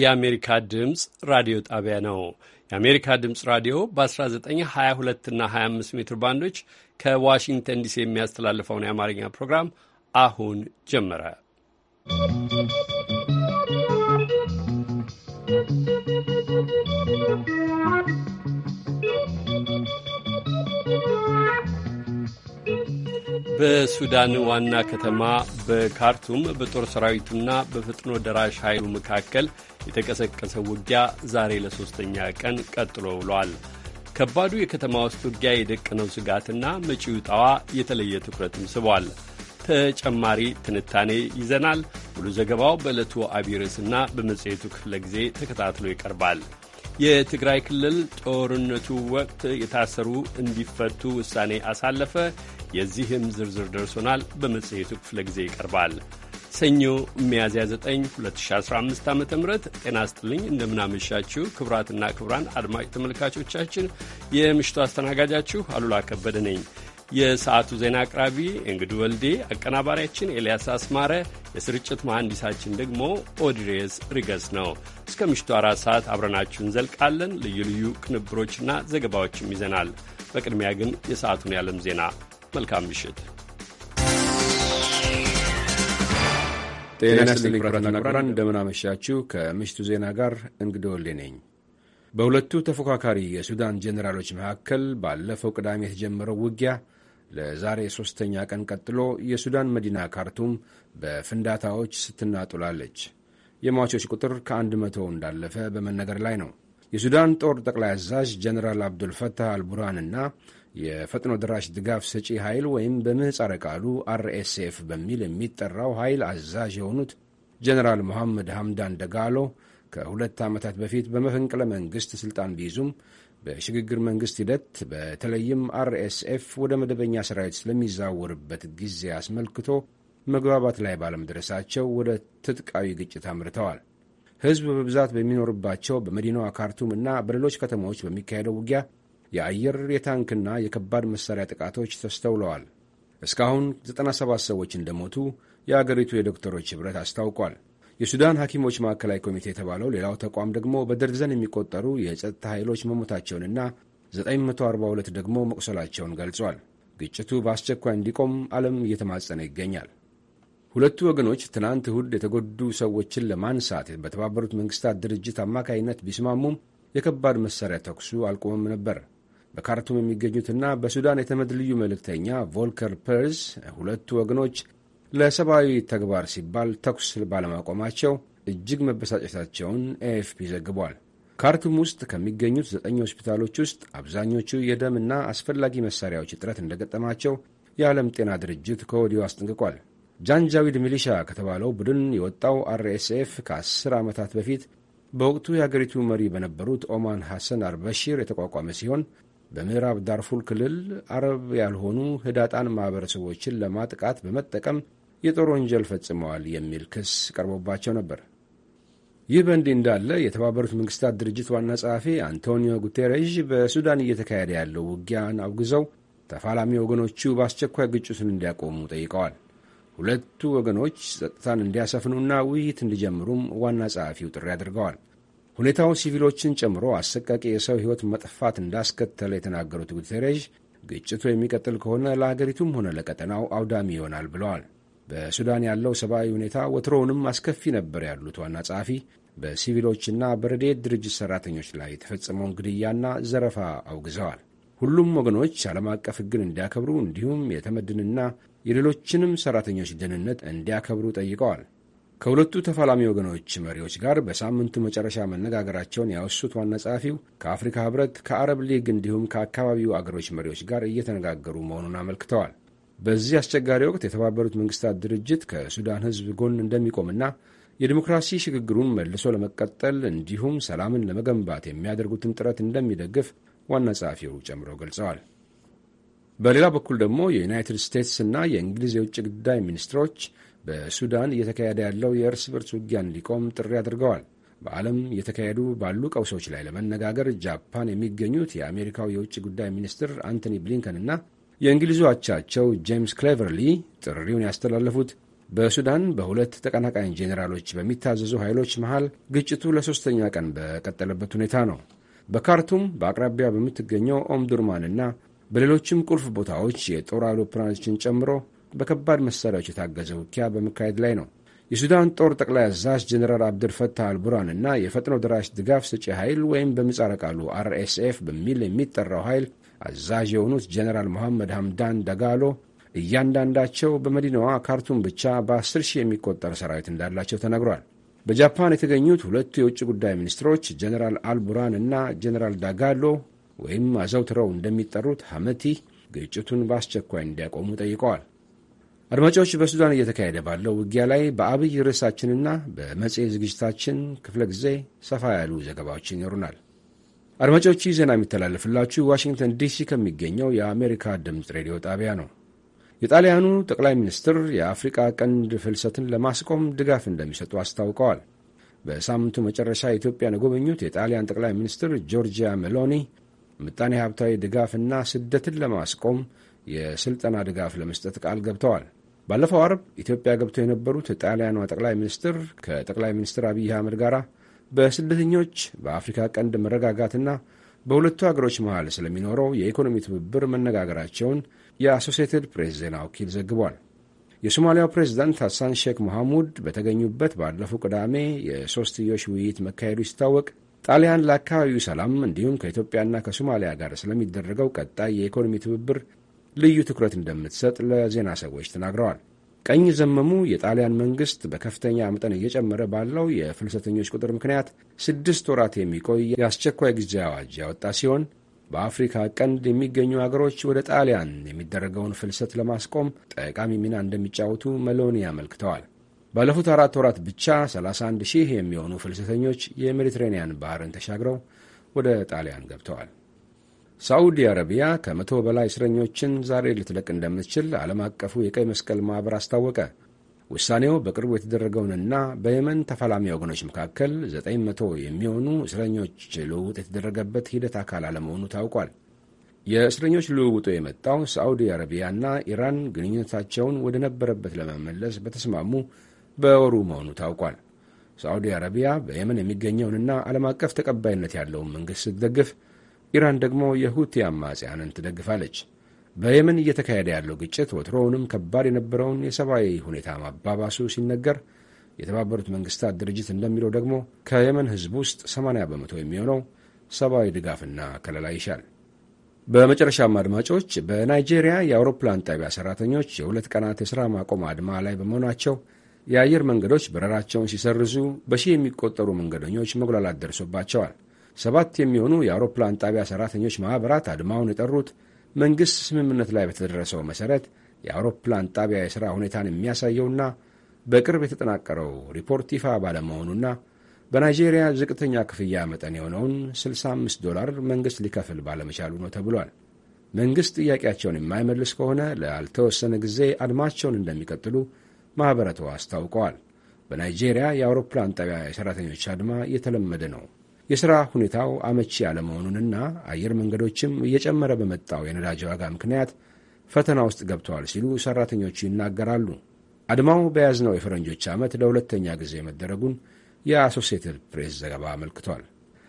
የአሜሪካ ድምፅ ራዲዮ ጣቢያ ነው። የአሜሪካ ድምፅ ራዲዮ በ1922 እና 25 ሜትር ባንዶች ከዋሽንግተን ዲሲ የሚያስተላልፈውን የአማርኛ ፕሮግራም አሁን ጀመረ። በሱዳን ዋና ከተማ በካርቱም በጦር ሰራዊቱና በፍጥኖ ደራሽ ኃይሉ መካከል የተቀሰቀሰ ውጊያ ዛሬ ለሶስተኛ ቀን ቀጥሎ ውሏል። ከባዱ የከተማ ውስጥ ውጊያ የደቀነው ስጋትና መጪው ጣዋ የተለየ ትኩረትም ስቧል። ተጨማሪ ትንታኔ ይዘናል። ሙሉ ዘገባው በዕለቱ አቢርስና በመጽሔቱ ክፍለ ጊዜ ተከታትሎ ይቀርባል። የትግራይ ክልል ጦርነቱ ወቅት የታሰሩ እንዲፈቱ ውሳኔ አሳለፈ። የዚህም ዝርዝር ደርሶናል። በመጽሔቱ ክፍለ ጊዜ ይቀርባል። ሰኞ ሚያዝያ 9 2015 ዓ ም ጤና ስጥልኝ እንደምናመሻችሁ ክቡራትና ክቡራን አድማጭ ተመልካቾቻችን የምሽቱ አስተናጋጃችሁ አሉላ ከበደ ነኝ። የሰዓቱ ዜና አቅራቢ እንግዱ ወልዴ፣ አቀናባሪያችን ኤልያስ አስማረ፣ የስርጭት መሐንዲሳችን ደግሞ ኦድሬስ ሪገስ ነው። እስከ ምሽቱ አራት ሰዓት አብረናችሁ እንዘልቃለን። ልዩ ልዩ ቅንብሮችና ዘገባዎችም ይዘናል። በቅድሚያ ግን የሰዓቱን የዓለም ዜና። መልካም ምሽት። ጤና ይስጥልኝ ክቡራትና ክቡራን፣ እንደምናመሻችሁ። ከምሽቱ ዜና ጋር እንግዶ ወልዴ ነኝ። በሁለቱ ተፎካካሪ የሱዳን ጄኔራሎች መካከል ባለፈው ቅዳሜ የተጀመረው ውጊያ ለዛሬ ሦስተኛ ቀን ቀጥሎ የሱዳን መዲና ካርቱም በፍንዳታዎች ስትናጡላለች። የሟቾች ቁጥር ከአንድ መቶ እንዳለፈ በመነገር ላይ ነው። የሱዳን ጦር ጠቅላይ አዛዥ ጄኔራል አብዱልፈታህ አልቡርሃን እና የፈጥኖ ድራሽ ድጋፍ ሰጪ ኃይል ወይም በምህፃረ ቃሉ አርኤስኤፍ በሚል የሚጠራው ኃይል አዛዥ የሆኑት ጀነራል መሐመድ ሐምዳን ደጋሎ ከሁለት ዓመታት በፊት በመፈንቅለ መንግሥት ሥልጣን ቢይዙም በሽግግር መንግሥት ሂደት በተለይም አርኤስኤፍ ወደ መደበኛ ሠራዊት ስለሚዛወርበት ጊዜ አስመልክቶ መግባባት ላይ ባለመድረሳቸው ወደ ትጥቃዊ ግጭት አምርተዋል። ሕዝብ በብዛት በሚኖርባቸው በመዲናዋ ካርቱም እና በሌሎች ከተሞች በሚካሄደው ውጊያ የአየር የታንክና የከባድ መሣሪያ ጥቃቶች ተስተውለዋል። እስካሁን 97 ሰዎች እንደሞቱ የአገሪቱ የዶክተሮች ኅብረት አስታውቋል። የሱዳን ሐኪሞች ማዕከላዊ ኮሚቴ የተባለው ሌላው ተቋም ደግሞ በደርዘን የሚቆጠሩ የጸጥታ ኃይሎች መሞታቸውንና 942 ደግሞ መቁሰላቸውን ገልጿል። ግጭቱ በአስቸኳይ እንዲቆም ዓለም እየተማጸነ ይገኛል። ሁለቱ ወገኖች ትናንት እሁድ የተጎዱ ሰዎችን ለማንሳት በተባበሩት መንግሥታት ድርጅት አማካይነት ቢስማሙም የከባድ መሣሪያ ተኩሱ አልቆመም ነበር። በካርቱም የሚገኙትና በሱዳን የተመድ ልዩ መልእክተኛ ቮልከር ፐርዝ ሁለቱ ወገኖች ለሰብአዊ ተግባር ሲባል ተኩስ ባለማቆማቸው እጅግ መበሳጨታቸውን ኤኤፍፒ ዘግቧል። ካርቱም ውስጥ ከሚገኙት ዘጠኝ ሆስፒታሎች ውስጥ አብዛኞቹ የደምና አስፈላጊ መሳሪያዎች እጥረት እንደገጠማቸው የዓለም ጤና ድርጅት ከወዲሁ አስጠንቅቋል። ጃንጃዊድ ሚሊሻ ከተባለው ቡድን የወጣው አርኤስኤፍ ከአስር ዓመታት በፊት በወቅቱ የአገሪቱ መሪ በነበሩት ኦማን ሐሰን አልበሺር የተቋቋመ ሲሆን በምዕራብ ዳርፉር ክልል አረብ ያልሆኑ ህዳጣን ማኅበረሰቦችን ለማጥቃት በመጠቀም የጦር ወንጀል ፈጽመዋል የሚል ክስ ቀርቦባቸው ነበር። ይህ በእንዲህ እንዳለ የተባበሩት መንግስታት ድርጅት ዋና ጸሐፊ አንቶኒዮ ጉቴሬዥ በሱዳን እየተካሄደ ያለው ውጊያን አውግዘው ተፋላሚ ወገኖቹ በአስቸኳይ ግጭቱን እንዲያቆሙ ጠይቀዋል። ሁለቱ ወገኖች ጸጥታን እንዲያሰፍኑና ውይይት እንዲጀምሩም ዋና ጸሐፊው ጥሪ አድርገዋል። ሁኔታው ሲቪሎችን ጨምሮ አሰቃቂ የሰው ሕይወት መጥፋት እንዳስከተለ የተናገሩት ጉቴሬዥ ግጭቱ የሚቀጥል ከሆነ ለሀገሪቱም ሆነ ለቀጠናው አውዳሚ ይሆናል ብለዋል። በሱዳን ያለው ሰብአዊ ሁኔታ ወትሮውንም አስከፊ ነበር ያሉት ዋና ጸሐፊ በሲቪሎችና በረድኤት ድርጅት ሠራተኞች ላይ የተፈጸመውን ግድያና ዘረፋ አውግዘዋል። ሁሉም ወገኖች ዓለም አቀፍ ሕግን እንዲያከብሩ እንዲሁም የተመድንና የሌሎችንም ሠራተኞች ደህንነት እንዲያከብሩ ጠይቀዋል። ከሁለቱ ተፋላሚ ወገኖች መሪዎች ጋር በሳምንቱ መጨረሻ መነጋገራቸውን ያወሱት ዋና ጸሐፊው ከአፍሪካ ህብረት ከአረብ ሊግ እንዲሁም ከአካባቢው አገሮች መሪዎች ጋር እየተነጋገሩ መሆኑን አመልክተዋል። በዚህ አስቸጋሪ ወቅት የተባበሩት መንግስታት ድርጅት ከሱዳን ህዝብ ጎን እንደሚቆምና የዲሞክራሲ ሽግግሩን መልሶ ለመቀጠል እንዲሁም ሰላምን ለመገንባት የሚያደርጉትን ጥረት እንደሚደግፍ ዋና ጸሐፊው ጨምሮ ገልጸዋል። በሌላ በኩል ደግሞ የዩናይትድ እና የእንግሊዝ የውጭ ጉዳይ ሚኒስትሮች በሱዳን እየተካሄደ ያለው የእርስ በርስ ውጊያ እንዲቆም ጥሪ አድርገዋል። በዓለም እየተካሄዱ ባሉ ቀውሶች ላይ ለመነጋገር ጃፓን የሚገኙት የአሜሪካው የውጭ ጉዳይ ሚኒስትር አንቶኒ ብሊንከንና የእንግሊዙ አቻቸው ጄምስ ክሌቨርሊ ጥሪውን ያስተላለፉት በሱዳን በሁለት ተቀናቃኝ ጄኔራሎች በሚታዘዙ ኃይሎች መሃል ግጭቱ ለሶስተኛ ቀን በቀጠለበት ሁኔታ ነው። በካርቱም በአቅራቢያ በምትገኘው ኦምዱርማንና በሌሎችም ቁልፍ ቦታዎች የጦር አውሮፕላኖችን ጨምሮ በከባድ መሳሪያዎች የታገዘ ውጊያ በመካሄድ ላይ ነው። የሱዳን ጦር ጠቅላይ አዛዥ ጀኔራል አብድልፈታህ አልቡራን እና የፈጥኖ ደራሽ ድጋፍ ሰጪ ኃይል ወይም በምህጻረ ቃሉ አርኤስኤፍ በሚል የሚጠራው ኃይል አዛዥ የሆኑት ጀኔራል መሐመድ ሐምዳን ዳጋሎ እያንዳንዳቸው በመዲናዋ ካርቱም ብቻ በ10 ሺህ የሚቆጠር ሰራዊት እንዳላቸው ተነግሯል። በጃፓን የተገኙት ሁለቱ የውጭ ጉዳይ ሚኒስትሮች ጀኔራል አልቡራን እና ጀኔራል ዳጋሎ ወይም አዘውትረው እንደሚጠሩት ሐመቲ ግጭቱን በአስቸኳይ እንዲያቆሙ ጠይቀዋል። አድማጮች በሱዳን እየተካሄደ ባለው ውጊያ ላይ በአብይ ርዕሳችንና በመጽሔት ዝግጅታችን ክፍለ ጊዜ ሰፋ ያሉ ዘገባዎችን ይኖሩናል። ይህ ዜና የሚተላለፍላችሁ ዋሽንግተን ዲሲ ከሚገኘው የአሜሪካ ድምፅ ሬዲዮ ጣቢያ ነው። የጣሊያኑ ጠቅላይ ሚኒስትር የአፍሪቃ ቀንድ ፍልሰትን ለማስቆም ድጋፍ እንደሚሰጡ አስታውቀዋል። በሳምንቱ መጨረሻ ኢትዮጵያን የጎበኙት የጣሊያን ጠቅላይ ሚኒስትር ጆርጂያ ሜሎኒ ምጣኔ ሀብታዊ ድጋፍና ስደትን ለማስቆም የሥልጠና ድጋፍ ለመስጠት ቃል ገብተዋል። ባለፈው አርብ ኢትዮጵያ ገብተው የነበሩት ጣሊያኗ ጠቅላይ ሚኒስትር ከጠቅላይ ሚኒስትር አብይ አህመድ ጋር በስደተኞች በአፍሪካ ቀንድ መረጋጋትና በሁለቱ ሀገሮች መሃል ስለሚኖረው የኢኮኖሚ ትብብር መነጋገራቸውን የአሶሴትድ ፕሬስ ዜና ወኪል ዘግቧል። የሶማሊያው ፕሬዚዳንት ሐሳን ሼክ መሐሙድ በተገኙበት ባለፈው ቅዳሜ የሶስትዮሽ ውይይት መካሄዱ ሲታወቅ ጣሊያን ለአካባቢው ሰላም እንዲሁም ከኢትዮጵያና ከሶማሊያ ጋር ስለሚደረገው ቀጣይ የኢኮኖሚ ትብብር ልዩ ትኩረት እንደምትሰጥ ለዜና ሰዎች ተናግረዋል። ቀኝ ዘመሙ የጣሊያን መንግሥት በከፍተኛ መጠን እየጨመረ ባለው የፍልሰተኞች ቁጥር ምክንያት ስድስት ወራት የሚቆይ የአስቸኳይ ጊዜ አዋጅ ያወጣ ሲሆን በአፍሪካ ቀንድ የሚገኙ አገሮች ወደ ጣሊያን የሚደረገውን ፍልሰት ለማስቆም ጠቃሚ ሚና እንደሚጫወቱ መሎኒ አመልክተዋል። ባለፉት አራት ወራት ብቻ 31 ሺህ የሚሆኑ ፍልሰተኞች የሜዲትሬንያን ባህርን ተሻግረው ወደ ጣሊያን ገብተዋል። ሳዑዲ አረቢያ ከመቶ በላይ እስረኞችን ዛሬ ልትለቅ እንደምትችል ዓለም አቀፉ የቀይ መስቀል ማኅበር አስታወቀ። ውሳኔው በቅርቡ የተደረገውንና በየመን ተፋላሚ ወገኖች መካከል 900 መቶ የሚሆኑ እስረኞች ልውውጥ የተደረገበት ሂደት አካል አለመሆኑ ታውቋል። የእስረኞች ልውውጡ የመጣው ሳዑዲ አረቢያና ኢራን ግንኙነታቸውን ወደ ነበረበት ለመመለስ በተስማሙ በወሩ መሆኑ ታውቋል። ሳዑዲ አረቢያ በየመን የሚገኘውንና ዓለም አቀፍ ተቀባይነት ያለውን መንግሥት ስትደግፍ ኢራን ደግሞ የሁቲ አማጽያንን ትደግፋለች። በየመን እየተካሄደ ያለው ግጭት ወትሮውንም ከባድ የነበረውን የሰብአዊ ሁኔታ ማባባሱ ሲነገር የተባበሩት መንግስታት ድርጅት እንደሚለው ደግሞ ከየመን ህዝብ ውስጥ 80 በመቶ የሚሆነው ሰብአዊ ድጋፍና ከለላ ይሻል። በመጨረሻም አድማጮች፣ በናይጄሪያ የአውሮፕላን ጣቢያ ሰራተኞች የሁለት ቀናት የሥራ ማቆም አድማ ላይ በመሆናቸው የአየር መንገዶች በረራቸውን ሲሰርዙ በሺህ የሚቆጠሩ መንገደኞች መጉላላት ደርሶባቸዋል። ሰባት የሚሆኑ የአውሮፕላን ጣቢያ ሠራተኞች ማኅበራት አድማውን የጠሩት መንግሥት ስምምነት ላይ በተደረሰው መሠረት የአውሮፕላን ጣቢያ የሥራ ሁኔታን የሚያሳየውና በቅርብ የተጠናቀረው ሪፖርት ይፋ ባለመሆኑና በናይጄሪያ ዝቅተኛ ክፍያ መጠን የሆነውን 65 ዶላር መንግሥት ሊከፍል ባለመቻሉ ነው ተብሏል። መንግሥት ጥያቄያቸውን የማይመልስ ከሆነ ላልተወሰነ ጊዜ አድማቸውን እንደሚቀጥሉ ማኅበረቱ አስታውቀዋል። በናይጄሪያ የአውሮፕላን ጣቢያ የሠራተኞች አድማ እየተለመደ ነው። የሥራ ሁኔታው አመቺ ያለመሆኑንና አየር መንገዶችም እየጨመረ በመጣው የነዳጅ ዋጋ ምክንያት ፈተና ውስጥ ገብተዋል ሲሉ ሠራተኞቹ ይናገራሉ። አድማው በያዝነው የፈረንጆች ዓመት ለሁለተኛ ጊዜ መደረጉን የአሶሴትድ ፕሬስ ዘገባ አመልክቷል።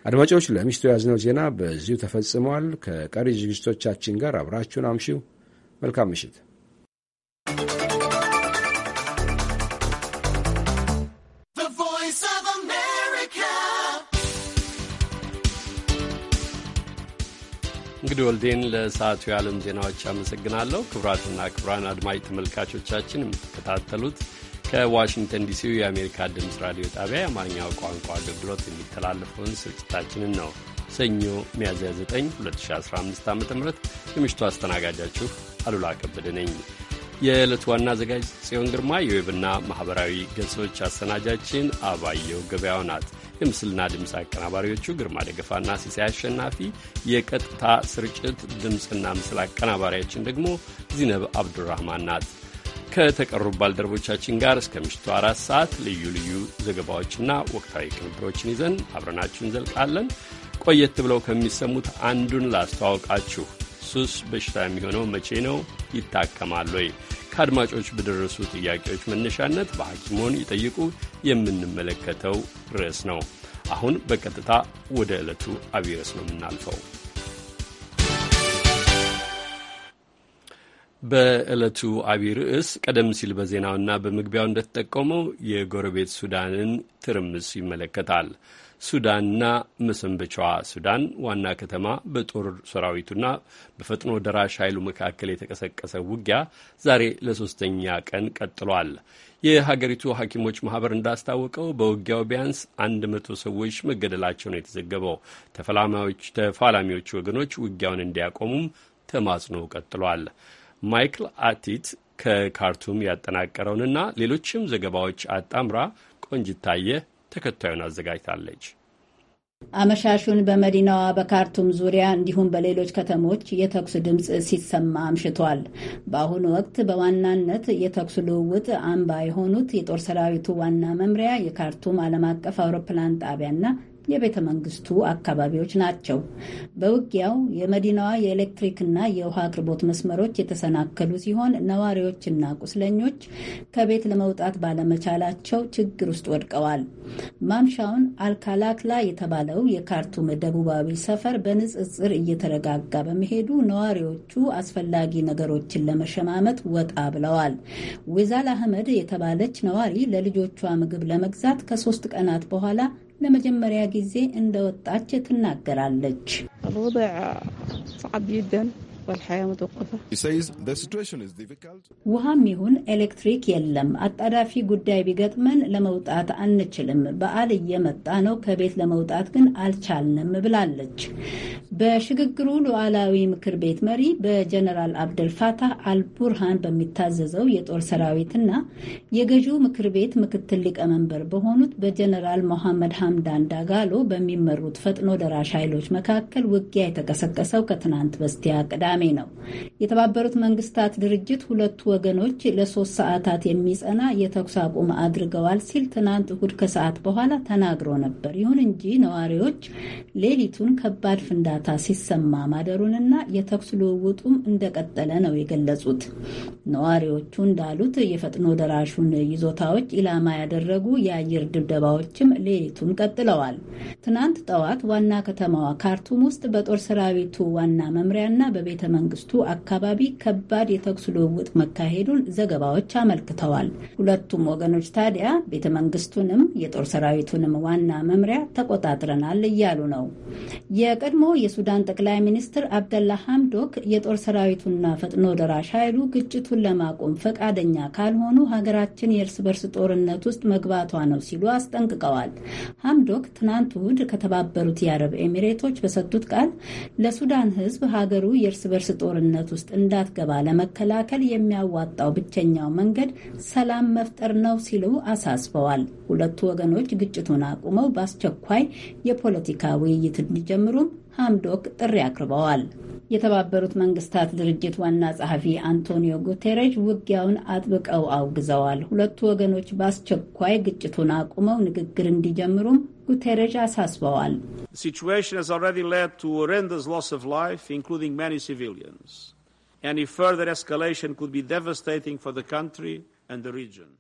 አድማጮች፣ ለምሽቱ የያዝነው ዜና በዚሁ ተፈጽመዋል። ከቀሪ ዝግጅቶቻችን ጋር አብራችሁን አምሺው። መልካም ምሽት። እንግዲህ ወልዴን ለሰዓቱ የዓለም ዜናዎች አመሰግናለሁ። ክቡራትና ክቡራን አድማጭ ተመልካቾቻችን የምትከታተሉት ከዋሽንግተን ዲሲው የአሜሪካ ድምፅ ራዲዮ ጣቢያ የአማርኛው ቋንቋ አገልግሎት የሚተላለፈውን ስርጭታችንን ነው። ሰኞ ሚያዝያ 9 2015 ዓ ም የምሽቱ አስተናጋጃችሁ አሉላ ከበደ ነኝ። የዕለቱ ዋና አዘጋጅ ጽዮን ግርማ፣ የዌብና ማኅበራዊ ገጾች አሰናጃችን አባየው ገበያው ናት። የምስልና ድምፅ አቀናባሪዎቹ ግርማ ደገፋና ሲሳይ አሸናፊ፣ የቀጥታ ስርጭት ድምፅና ምስል አቀናባሪያችን ደግሞ ዚነብ አብዱራህማን ናት። ከተቀሩ ባልደረቦቻችን ጋር እስከ ምሽቱ አራት ሰዓት ልዩ ልዩ ዘገባዎችና ወቅታዊ ቅንብሮችን ይዘን አብረናችሁ እንዘልቃለን። ቆየት ብለው ከሚሰሙት አንዱን ላስተዋውቃችሁ። ሱስ በሽታ የሚሆነው መቼ ነው? ይታከማል ወይ? ከአድማጮች በደረሱ ጥያቄዎች መነሻነት በሐኪሞን ይጠይቁ የምንመለከተው ርዕስ ነው። አሁን በቀጥታ ወደ ዕለቱ አብይ ርዕስ ነው የምናልፈው። በዕለቱ አብይ ርዕስ ቀደም ሲል በዜናውና በመግቢያው እንደተጠቆመው የጎረቤት ሱዳንን ትርምስ ይመለከታል። ሱዳንና መሰንበቻዋ ሱዳን ዋና ከተማ በጦር ሰራዊቱና በፈጥኖ ደራሽ ኃይሉ መካከል የተቀሰቀሰ ውጊያ ዛሬ ለሶስተኛ ቀን ቀጥሏል። የሀገሪቱ ሐኪሞች ማህበር እንዳስታወቀው በውጊያው ቢያንስ አንድ መቶ ሰዎች መገደላቸው ነው የተዘገበው። ተፋላሚዎች ወገኖች ውጊያውን እንዲያቆሙም ተማጽኖ ቀጥሏል። ማይክል አቲት ከካርቱም ያጠናቀረውንና ሌሎችም ዘገባዎች አጣምራ ቆንጅታየ ተከታዩን አዘጋጅታለች። አመሻሹን በመዲናዋ በካርቱም ዙሪያ እንዲሁም በሌሎች ከተሞች የተኩስ ድምፅ ሲሰማ አምሽቷል። በአሁኑ ወቅት በዋናነት የተኩስ ልውውጥ አምባ የሆኑት የጦር ሰራዊቱ ዋና መምሪያ፣ የካርቱም ዓለም አቀፍ አውሮፕላን ጣቢያና የቤተ መንግስቱ አካባቢዎች ናቸው። በውጊያው የመዲናዋ የኤሌክትሪክና የውሃ አቅርቦት መስመሮች የተሰናከሉ ሲሆን ነዋሪዎችና ቁስለኞች ከቤት ለመውጣት ባለመቻላቸው ችግር ውስጥ ወድቀዋል። ማምሻውን አልካላክላ የተባለው የካርቱም ደቡባዊ ሰፈር በንጽጽር እየተረጋጋ በመሄዱ ነዋሪዎቹ አስፈላጊ ነገሮችን ለመሸማመት ወጣ ብለዋል። ዊዛል አህመድ የተባለች ነዋሪ ለልጆቿ ምግብ ለመግዛት ከሶስት ቀናት በኋላ ለመጀመሪያ ጊዜ እንደወጣች ትናገራለች። ውሃም ይሁን ኤሌክትሪክ የለም። አጣዳፊ ጉዳይ ቢገጥመን ለመውጣት አንችልም። በዓል እየመጣ ነው፣ ከቤት ለመውጣት ግን አልቻልንም ብላለች። በሽግግሩ ሉዓላዊ ምክር ቤት መሪ በጀነራል አብደልፋታህ አልቡርሃን በሚታዘዘው የጦር ሰራዊትና የገዢው ምክር ቤት ምክትል ሊቀመንበር በሆኑት በጀነራል ሞሐመድ ሐምዳን ዳጋሎ በሚመሩት ፈጥኖ ደራሽ ኃይሎች መካከል ውጊያ የተቀሰቀሰው ከትናንት በስቲያ ቅዳሜ ቅዳሜ ነው። የተባበሩት መንግስታት ድርጅት ሁለቱ ወገኖች ለሶስት ሰዓታት የሚጸና የተኩስ አቁም አድርገዋል ሲል ትናንት እሁድ ከሰዓት በኋላ ተናግሮ ነበር። ይሁን እንጂ ነዋሪዎች ሌሊቱን ከባድ ፍንዳታ ሲሰማ ማደሩንና የተኩስ ልውውጡም እንደቀጠለ ነው የገለጹት። ነዋሪዎቹ እንዳሉት የፈጥኖ ደራሹን ይዞታዎች ኢላማ ያደረጉ የአየር ድብደባዎችም ሌሊቱን ቀጥለዋል። ትናንት ጠዋት ዋና ከተማዋ ካርቱም ውስጥ በጦር ሰራዊቱ ዋና መምሪያና በቤ ቤተ መንግስቱ አካባቢ ከባድ የተኩስ ልውውጥ መካሄዱን ዘገባዎች አመልክተዋል። ሁለቱም ወገኖች ታዲያ ቤተ መንግስቱንም የጦር ሰራዊቱንም ዋና መምሪያ ተቆጣጥረናል እያሉ ነው። የቀድሞ የሱዳን ጠቅላይ ሚኒስትር አብደላ ሐምዶክ የጦር ሰራዊቱና ፈጥኖ ደራሽ ኃይሉ ግጭቱን ለማቆም ፈቃደኛ ካልሆኑ ሀገራችን የእርስ በርስ ጦርነት ውስጥ መግባቷ ነው ሲሉ አስጠንቅቀዋል። ሐምዶክ ትናንት እሁድ ከተባበሩት የአረብ ኤሚሬቶች በሰጡት ቃል ለሱዳን ህዝብ ሀገሩ የእርስ በርስ ጦርነት ውስጥ እንዳትገባ ለመከላከል የሚያዋጣው ብቸኛው መንገድ ሰላም መፍጠር ነው ሲሉ አሳስበዋል። ሁለቱ ወገኖች ግጭቱን አቁመው በአስቸኳይ የፖለቲካ ውይይት እንዲጀምሩም ሀምዶክ ጥሪ አቅርበዋል። የተባበሩት መንግስታት ድርጅት ዋና ጸሐፊ አንቶኒዮ ጉቴሬሽ ውጊያውን አጥብቀው አውግዘዋል። ሁለቱ ወገኖች በአስቸኳይ ግጭቱን አቁመው ንግግር እንዲጀምሩም ጉቴሬሽ አሳስበዋል። ሲቹዌሽን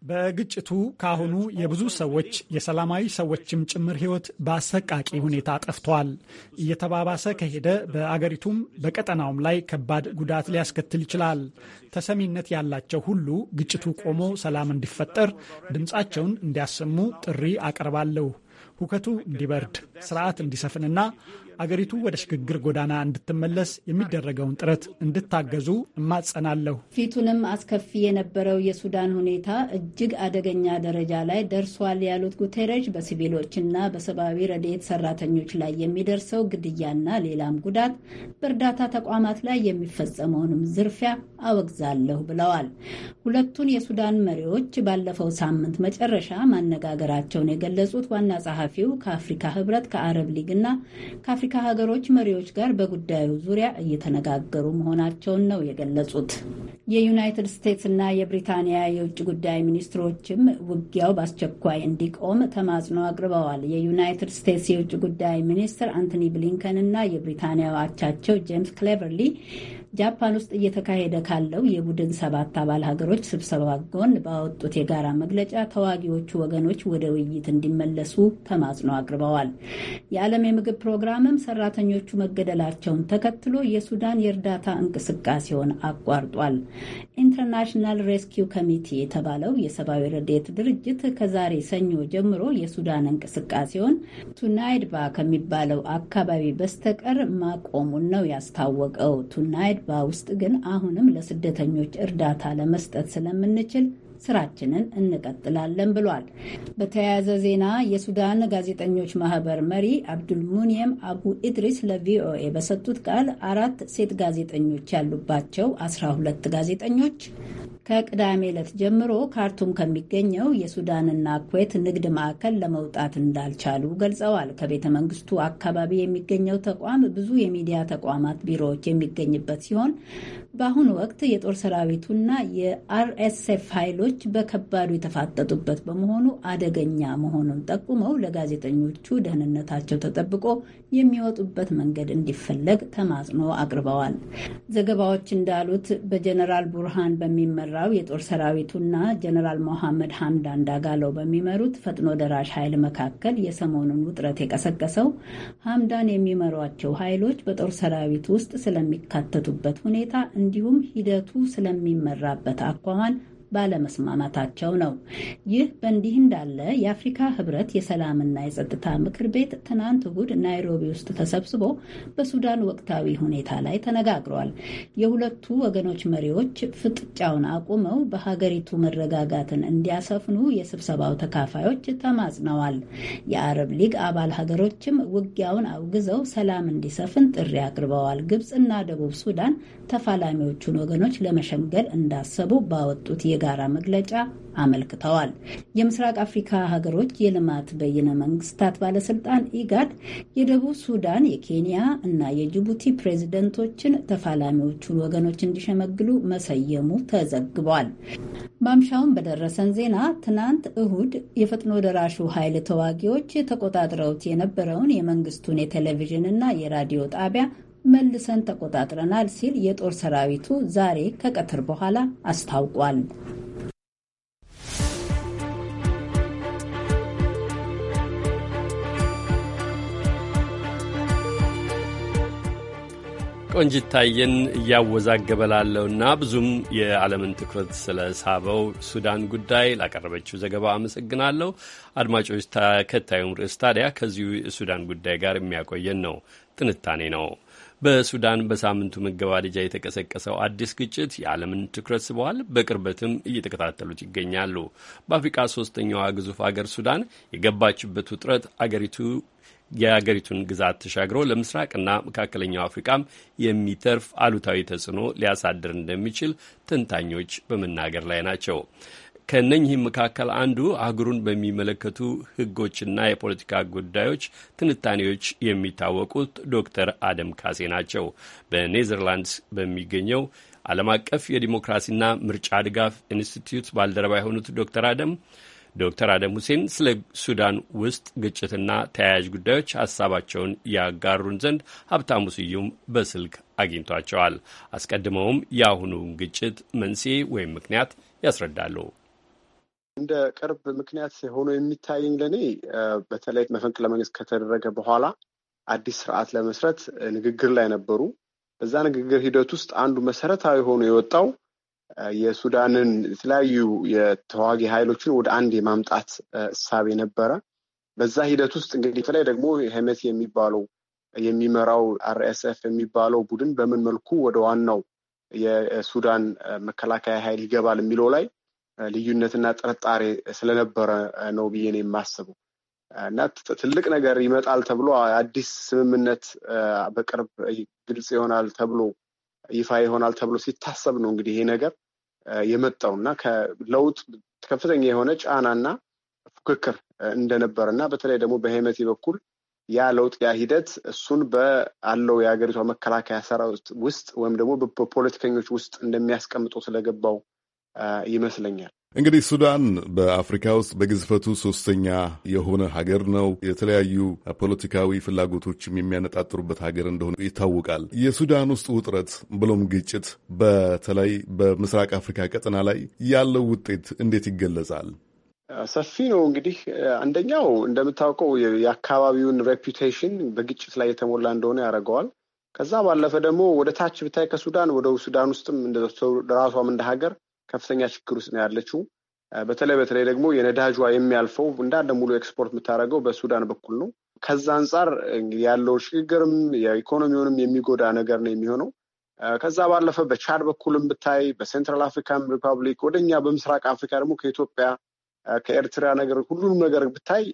በግጭቱ ካሁኑ የብዙ ሰዎች የሰላማዊ ሰዎችም ጭምር ሕይወት በአሰቃቂ ሁኔታ ጠፍቷል። እየተባባሰ ከሄደ በአገሪቱም በቀጠናውም ላይ ከባድ ጉዳት ሊያስከትል ይችላል። ተሰሚነት ያላቸው ሁሉ ግጭቱ ቆሞ ሰላም እንዲፈጠር ድምፃቸውን እንዲያሰሙ ጥሪ አቀርባለሁ። ሁከቱ እንዲበርድ፣ ስርዓት እንዲሰፍንና አገሪቱ ወደ ሽግግር ጎዳና እንድትመለስ የሚደረገውን ጥረት እንድታገዙ እማጸናለሁ። ፊቱንም አስከፊ የነበረው የሱዳን ሁኔታ እጅግ አደገኛ ደረጃ ላይ ደርሷል ያሉት ጉቴሬሽ በሲቪሎችና በሰብአዊ ረድኤት ሰራተኞች ላይ የሚደርሰው ግድያና ሌላም ጉዳት፣ በእርዳታ ተቋማት ላይ የሚፈጸመውንም ዝርፊያ አወግዛለሁ ብለዋል። ሁለቱን የሱዳን መሪዎች ባለፈው ሳምንት መጨረሻ ማነጋገራቸውን የገለጹት ዋና ጸሐፊው ከአፍሪካ ህብረት ከአረብ ሊግ እና ከአፍሪ የአፍሪካ ሀገሮች መሪዎች ጋር በጉዳዩ ዙሪያ እየተነጋገሩ መሆናቸውን ነው የገለጹት። የዩናይትድ ስቴትስ እና የብሪታንያ የውጭ ጉዳይ ሚኒስትሮችም ውጊያው በአስቸኳይ እንዲቆም ተማጽኖ አቅርበዋል። የዩናይትድ ስቴትስ የውጭ ጉዳይ ሚኒስትር አንቶኒ ብሊንከን እና የብሪታንያ አቻቸው ጄምስ ክሌቨርሊ ጃፓን ውስጥ እየተካሄደ ካለው የቡድን ሰባት አባል ሀገሮች ስብሰባ ጎን ባወጡት የጋራ መግለጫ ተዋጊዎቹ ወገኖች ወደ ውይይት እንዲመለሱ ተማጽኖ አቅርበዋል። የዓለም የምግብ ፕሮግራምም ሰራተኞቹ መገደላቸውን ተከትሎ የሱዳን የእርዳታ እንቅስቃሴውን አቋርጧል። ኢንተርናሽናል ሬስኪው ኮሚቲ የተባለው የሰብአዊ ረድኤት ድርጅት ከዛሬ ሰኞ ጀምሮ የሱዳን እንቅስቃሴውን ቱናይድባ ከሚባለው አካባቢ በስተቀር ማቆሙን ነው ያስታወቀው። ቱናይድ ጀልባ ውስጥ ግን አሁንም ለስደተኞች እርዳታ ለመስጠት ስለምንችል ስራችንን እንቀጥላለን ብሏል። በተያያዘ ዜና የሱዳን ጋዜጠኞች ማህበር መሪ አብዱልሙኒየም አቡ ኢድሪስ ለቪኦኤ በሰጡት ቃል አራት ሴት ጋዜጠኞች ያሉባቸው አስራ ሁለት ጋዜጠኞች ከቅዳሜ ዕለት ጀምሮ ካርቱም ከሚገኘው የሱዳንና ኩዌት ንግድ ማዕከል ለመውጣት እንዳልቻሉ ገልጸዋል። ከቤተ መንግስቱ አካባቢ የሚገኘው ተቋም ብዙ የሚዲያ ተቋማት ቢሮዎች የሚገኝበት ሲሆን በአሁኑ ወቅት የጦር ሰራዊቱና የአርኤስኤፍ ኃይሎች በከባዱ የተፋጠጡበት በመሆኑ አደገኛ መሆኑን ጠቁመው ለጋዜጠኞቹ ደህንነታቸው ተጠብቆ የሚወጡበት መንገድ እንዲፈለግ ተማጽኖ አቅርበዋል። ዘገባዎች እንዳሉት በጀነራል ቡርሃን በሚመራ በሚመራው የጦር ሰራዊቱና ጀነራል ሞሐመድ ሐምዳን ዳጋሎ በሚመሩት ፈጥኖ ደራሽ ኃይል መካከል የሰሞኑን ውጥረት የቀሰቀሰው ሐምዳን የሚመሯቸው ኃይሎች በጦር ሰራዊት ውስጥ ስለሚካተቱበት ሁኔታ እንዲሁም ሂደቱ ስለሚመራበት አኳኋን ባለመስማማታቸው ነው። ይህ በእንዲህ እንዳለ የአፍሪካ ህብረት የሰላምና የጸጥታ ምክር ቤት ትናንት እሁድ ናይሮቢ ውስጥ ተሰብስቦ በሱዳን ወቅታዊ ሁኔታ ላይ ተነጋግሯል። የሁለቱ ወገኖች መሪዎች ፍጥጫውን አቁመው በሀገሪቱ መረጋጋትን እንዲያሰፍኑ የስብሰባው ተካፋዮች ተማጽነዋል። የአረብ ሊግ አባል ሀገሮችም ውጊያውን አውግዘው ሰላም እንዲሰፍን ጥሪ አቅርበዋል። ግብፅና ደቡብ ሱዳን ተፋላሚዎቹን ወገኖች ለመሸምገል እንዳሰቡ ባወጡት የጋራ መግለጫ አመልክተዋል። የምስራቅ አፍሪካ ሀገሮች የልማት በይነ መንግስታት ባለስልጣን ኢጋድ የደቡብ ሱዳን፣ የኬንያ እና የጅቡቲ ፕሬዝደንቶችን ተፋላሚዎቹን ወገኖች እንዲሸመግሉ መሰየሙ ተዘግቧል። ማምሻውን በደረሰን ዜና ትናንት እሁድ የፈጥኖ ደራሹ ኃይል ተዋጊዎች ተቆጣጥረውት የነበረውን የመንግስቱን የቴሌቪዥን እና የራዲዮ ጣቢያ መልሰን ተቆጣጥረናል ሲል የጦር ሰራዊቱ ዛሬ ከቀትር በኋላ አስታውቋል። ቆንጅታየን እያወዛገበ ላለውና ብዙም የዓለምን ትኩረት ስለሳበው ሱዳን ጉዳይ ላቀረበችው ዘገባ አመሰግናለሁ። አድማጮች፣ ተከታዩም ርዕስ ታዲያ ከዚሁ የሱዳን ጉዳይ ጋር የሚያቆየን ነው፣ ትንታኔ ነው። በሱዳን በሳምንቱ መገባደጃ የተቀሰቀሰው አዲስ ግጭት የዓለምን ትኩረት ስበዋል። በቅርበትም እየተከታተሉት ይገኛሉ። በአፍሪቃ ሶስተኛዋ ግዙፍ አገር ሱዳን የገባችበት ውጥረት አገሪቱ የአገሪቱን ግዛት ተሻግሮ ለምስራቅና መካከለኛው አፍሪቃም የሚተርፍ አሉታዊ ተጽዕኖ ሊያሳድር እንደሚችል ተንታኞች በመናገር ላይ ናቸው። ከእነኚህም መካከል አንዱ አህጉሩን በሚመለከቱ ህጎችና የፖለቲካ ጉዳዮች ትንታኔዎች የሚታወቁት ዶክተር አደም ካሴ ናቸው። በኔዘርላንድስ በሚገኘው ዓለም አቀፍ የዲሞክራሲና ምርጫ ድጋፍ ኢንስቲትዩት ባልደረባ የሆኑት ዶክተር አደም ዶክተር አደም ሁሴን ስለ ሱዳን ውስጥ ግጭትና ተያያዥ ጉዳዮች ሀሳባቸውን ያጋሩን ዘንድ ሀብታሙ ስዩም በስልክ አግኝቷቸዋል። አስቀድመውም የአሁኑን ግጭት መንስኤ ወይም ምክንያት ያስረዳሉ። እንደ ቅርብ ምክንያት ሆኖ የሚታየኝ ለእኔ በተለይ መፈንቅለ መንግስት ከተደረገ በኋላ አዲስ ስርዓት ለመስረት ንግግር ላይ ነበሩ። በዛ ንግግር ሂደት ውስጥ አንዱ መሰረታዊ ሆኖ የወጣው የሱዳንን የተለያዩ የተዋጊ ኃይሎችን ወደ አንድ የማምጣት እሳቤ ነበረ። በዛ ሂደት ውስጥ እንግዲህ በተለይ ደግሞ ሄመት የሚባለው የሚመራው አርኤስኤፍ የሚባለው ቡድን በምን መልኩ ወደ ዋናው የሱዳን መከላከያ ኃይል ይገባል የሚለው ላይ ልዩነትና ጥርጣሬ ስለነበረ ነው ብዬ ነው የማስበው እና ትልቅ ነገር ይመጣል ተብሎ አዲስ ስምምነት በቅርብ ግልጽ ይሆናል ተብሎ ይፋ ይሆናል ተብሎ ሲታሰብ ነው እንግዲህ ይሄ ነገር የመጣው እና ከለውጥ ከፍተኛ የሆነ ጫናና ፉክክር እንደነበር እና በተለይ ደግሞ በሄመቲ በኩል ያ ለውጥ ያ ሂደት እሱን በአለው የሀገሪቷ መከላከያ ሰራዊት ውስጥ ወይም ደግሞ በፖለቲከኞች ውስጥ እንደሚያስቀምጠው ስለገባው ይመስለኛል። እንግዲህ ሱዳን በአፍሪካ ውስጥ በግዝፈቱ ሶስተኛ የሆነ ሀገር ነው። የተለያዩ ፖለቲካዊ ፍላጎቶችም የሚያነጣጥሩበት ሀገር እንደሆነ ይታወቃል። የሱዳን ውስጥ ውጥረት ብሎም ግጭት በተለይ በምስራቅ አፍሪካ ቀጠና ላይ ያለው ውጤት እንዴት ይገለጻል? ሰፊ ነው። እንግዲህ አንደኛው እንደምታውቀው የአካባቢውን ሬፑቴሽን በግጭት ላይ የተሞላ እንደሆነ ያደርገዋል። ከዛ ባለፈ ደግሞ ወደ ታች ብታይ ከሱዳን ወደ ሱዳን ውስጥም ራሷም እንደ ሀገር ከፍተኛ ችግር ውስጥ ነው ያለችው። በተለይ በተለይ ደግሞ የነዳጇ የሚያልፈው እንዳለ ሙሉ ኤክስፖርት የምታደርገው በሱዳን በኩል ነው። ከዛ አንጻር ያለው ሽግግርም የኢኮኖሚውንም የሚጎዳ ነገር ነው የሚሆነው። ከዛ ባለፈ በቻድ በኩልም ብታይ በሴንትራል አፍሪካን ሪፐብሊክ ወደኛ በምስራቅ አፍሪካ ደግሞ ከኢትዮጵያ ከኤርትራ ነገር ሁሉንም ነገር ብታይ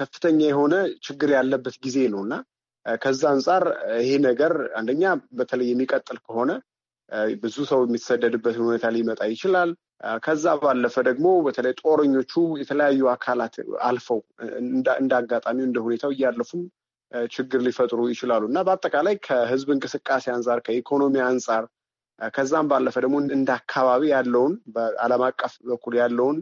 ከፍተኛ የሆነ ችግር ያለበት ጊዜ ነው እና ከዛ አንጻር ይሄ ነገር አንደኛ በተለይ የሚቀጥል ከሆነ ብዙ ሰው የሚሰደድበትን ሁኔታ ሊመጣ ይችላል። ከዛ ባለፈ ደግሞ በተለይ ጦረኞቹ የተለያዩ አካላት አልፈው እንደ አጋጣሚው እንደ ሁኔታው እያለፉም ችግር ሊፈጥሩ ይችላሉ እና በአጠቃላይ ከህዝብ እንቅስቃሴ አንጻር ከኢኮኖሚ አንጻር ከዛም ባለፈ ደግሞ እንደ አካባቢ ያለውን በዓለም አቀፍ በኩል ያለውን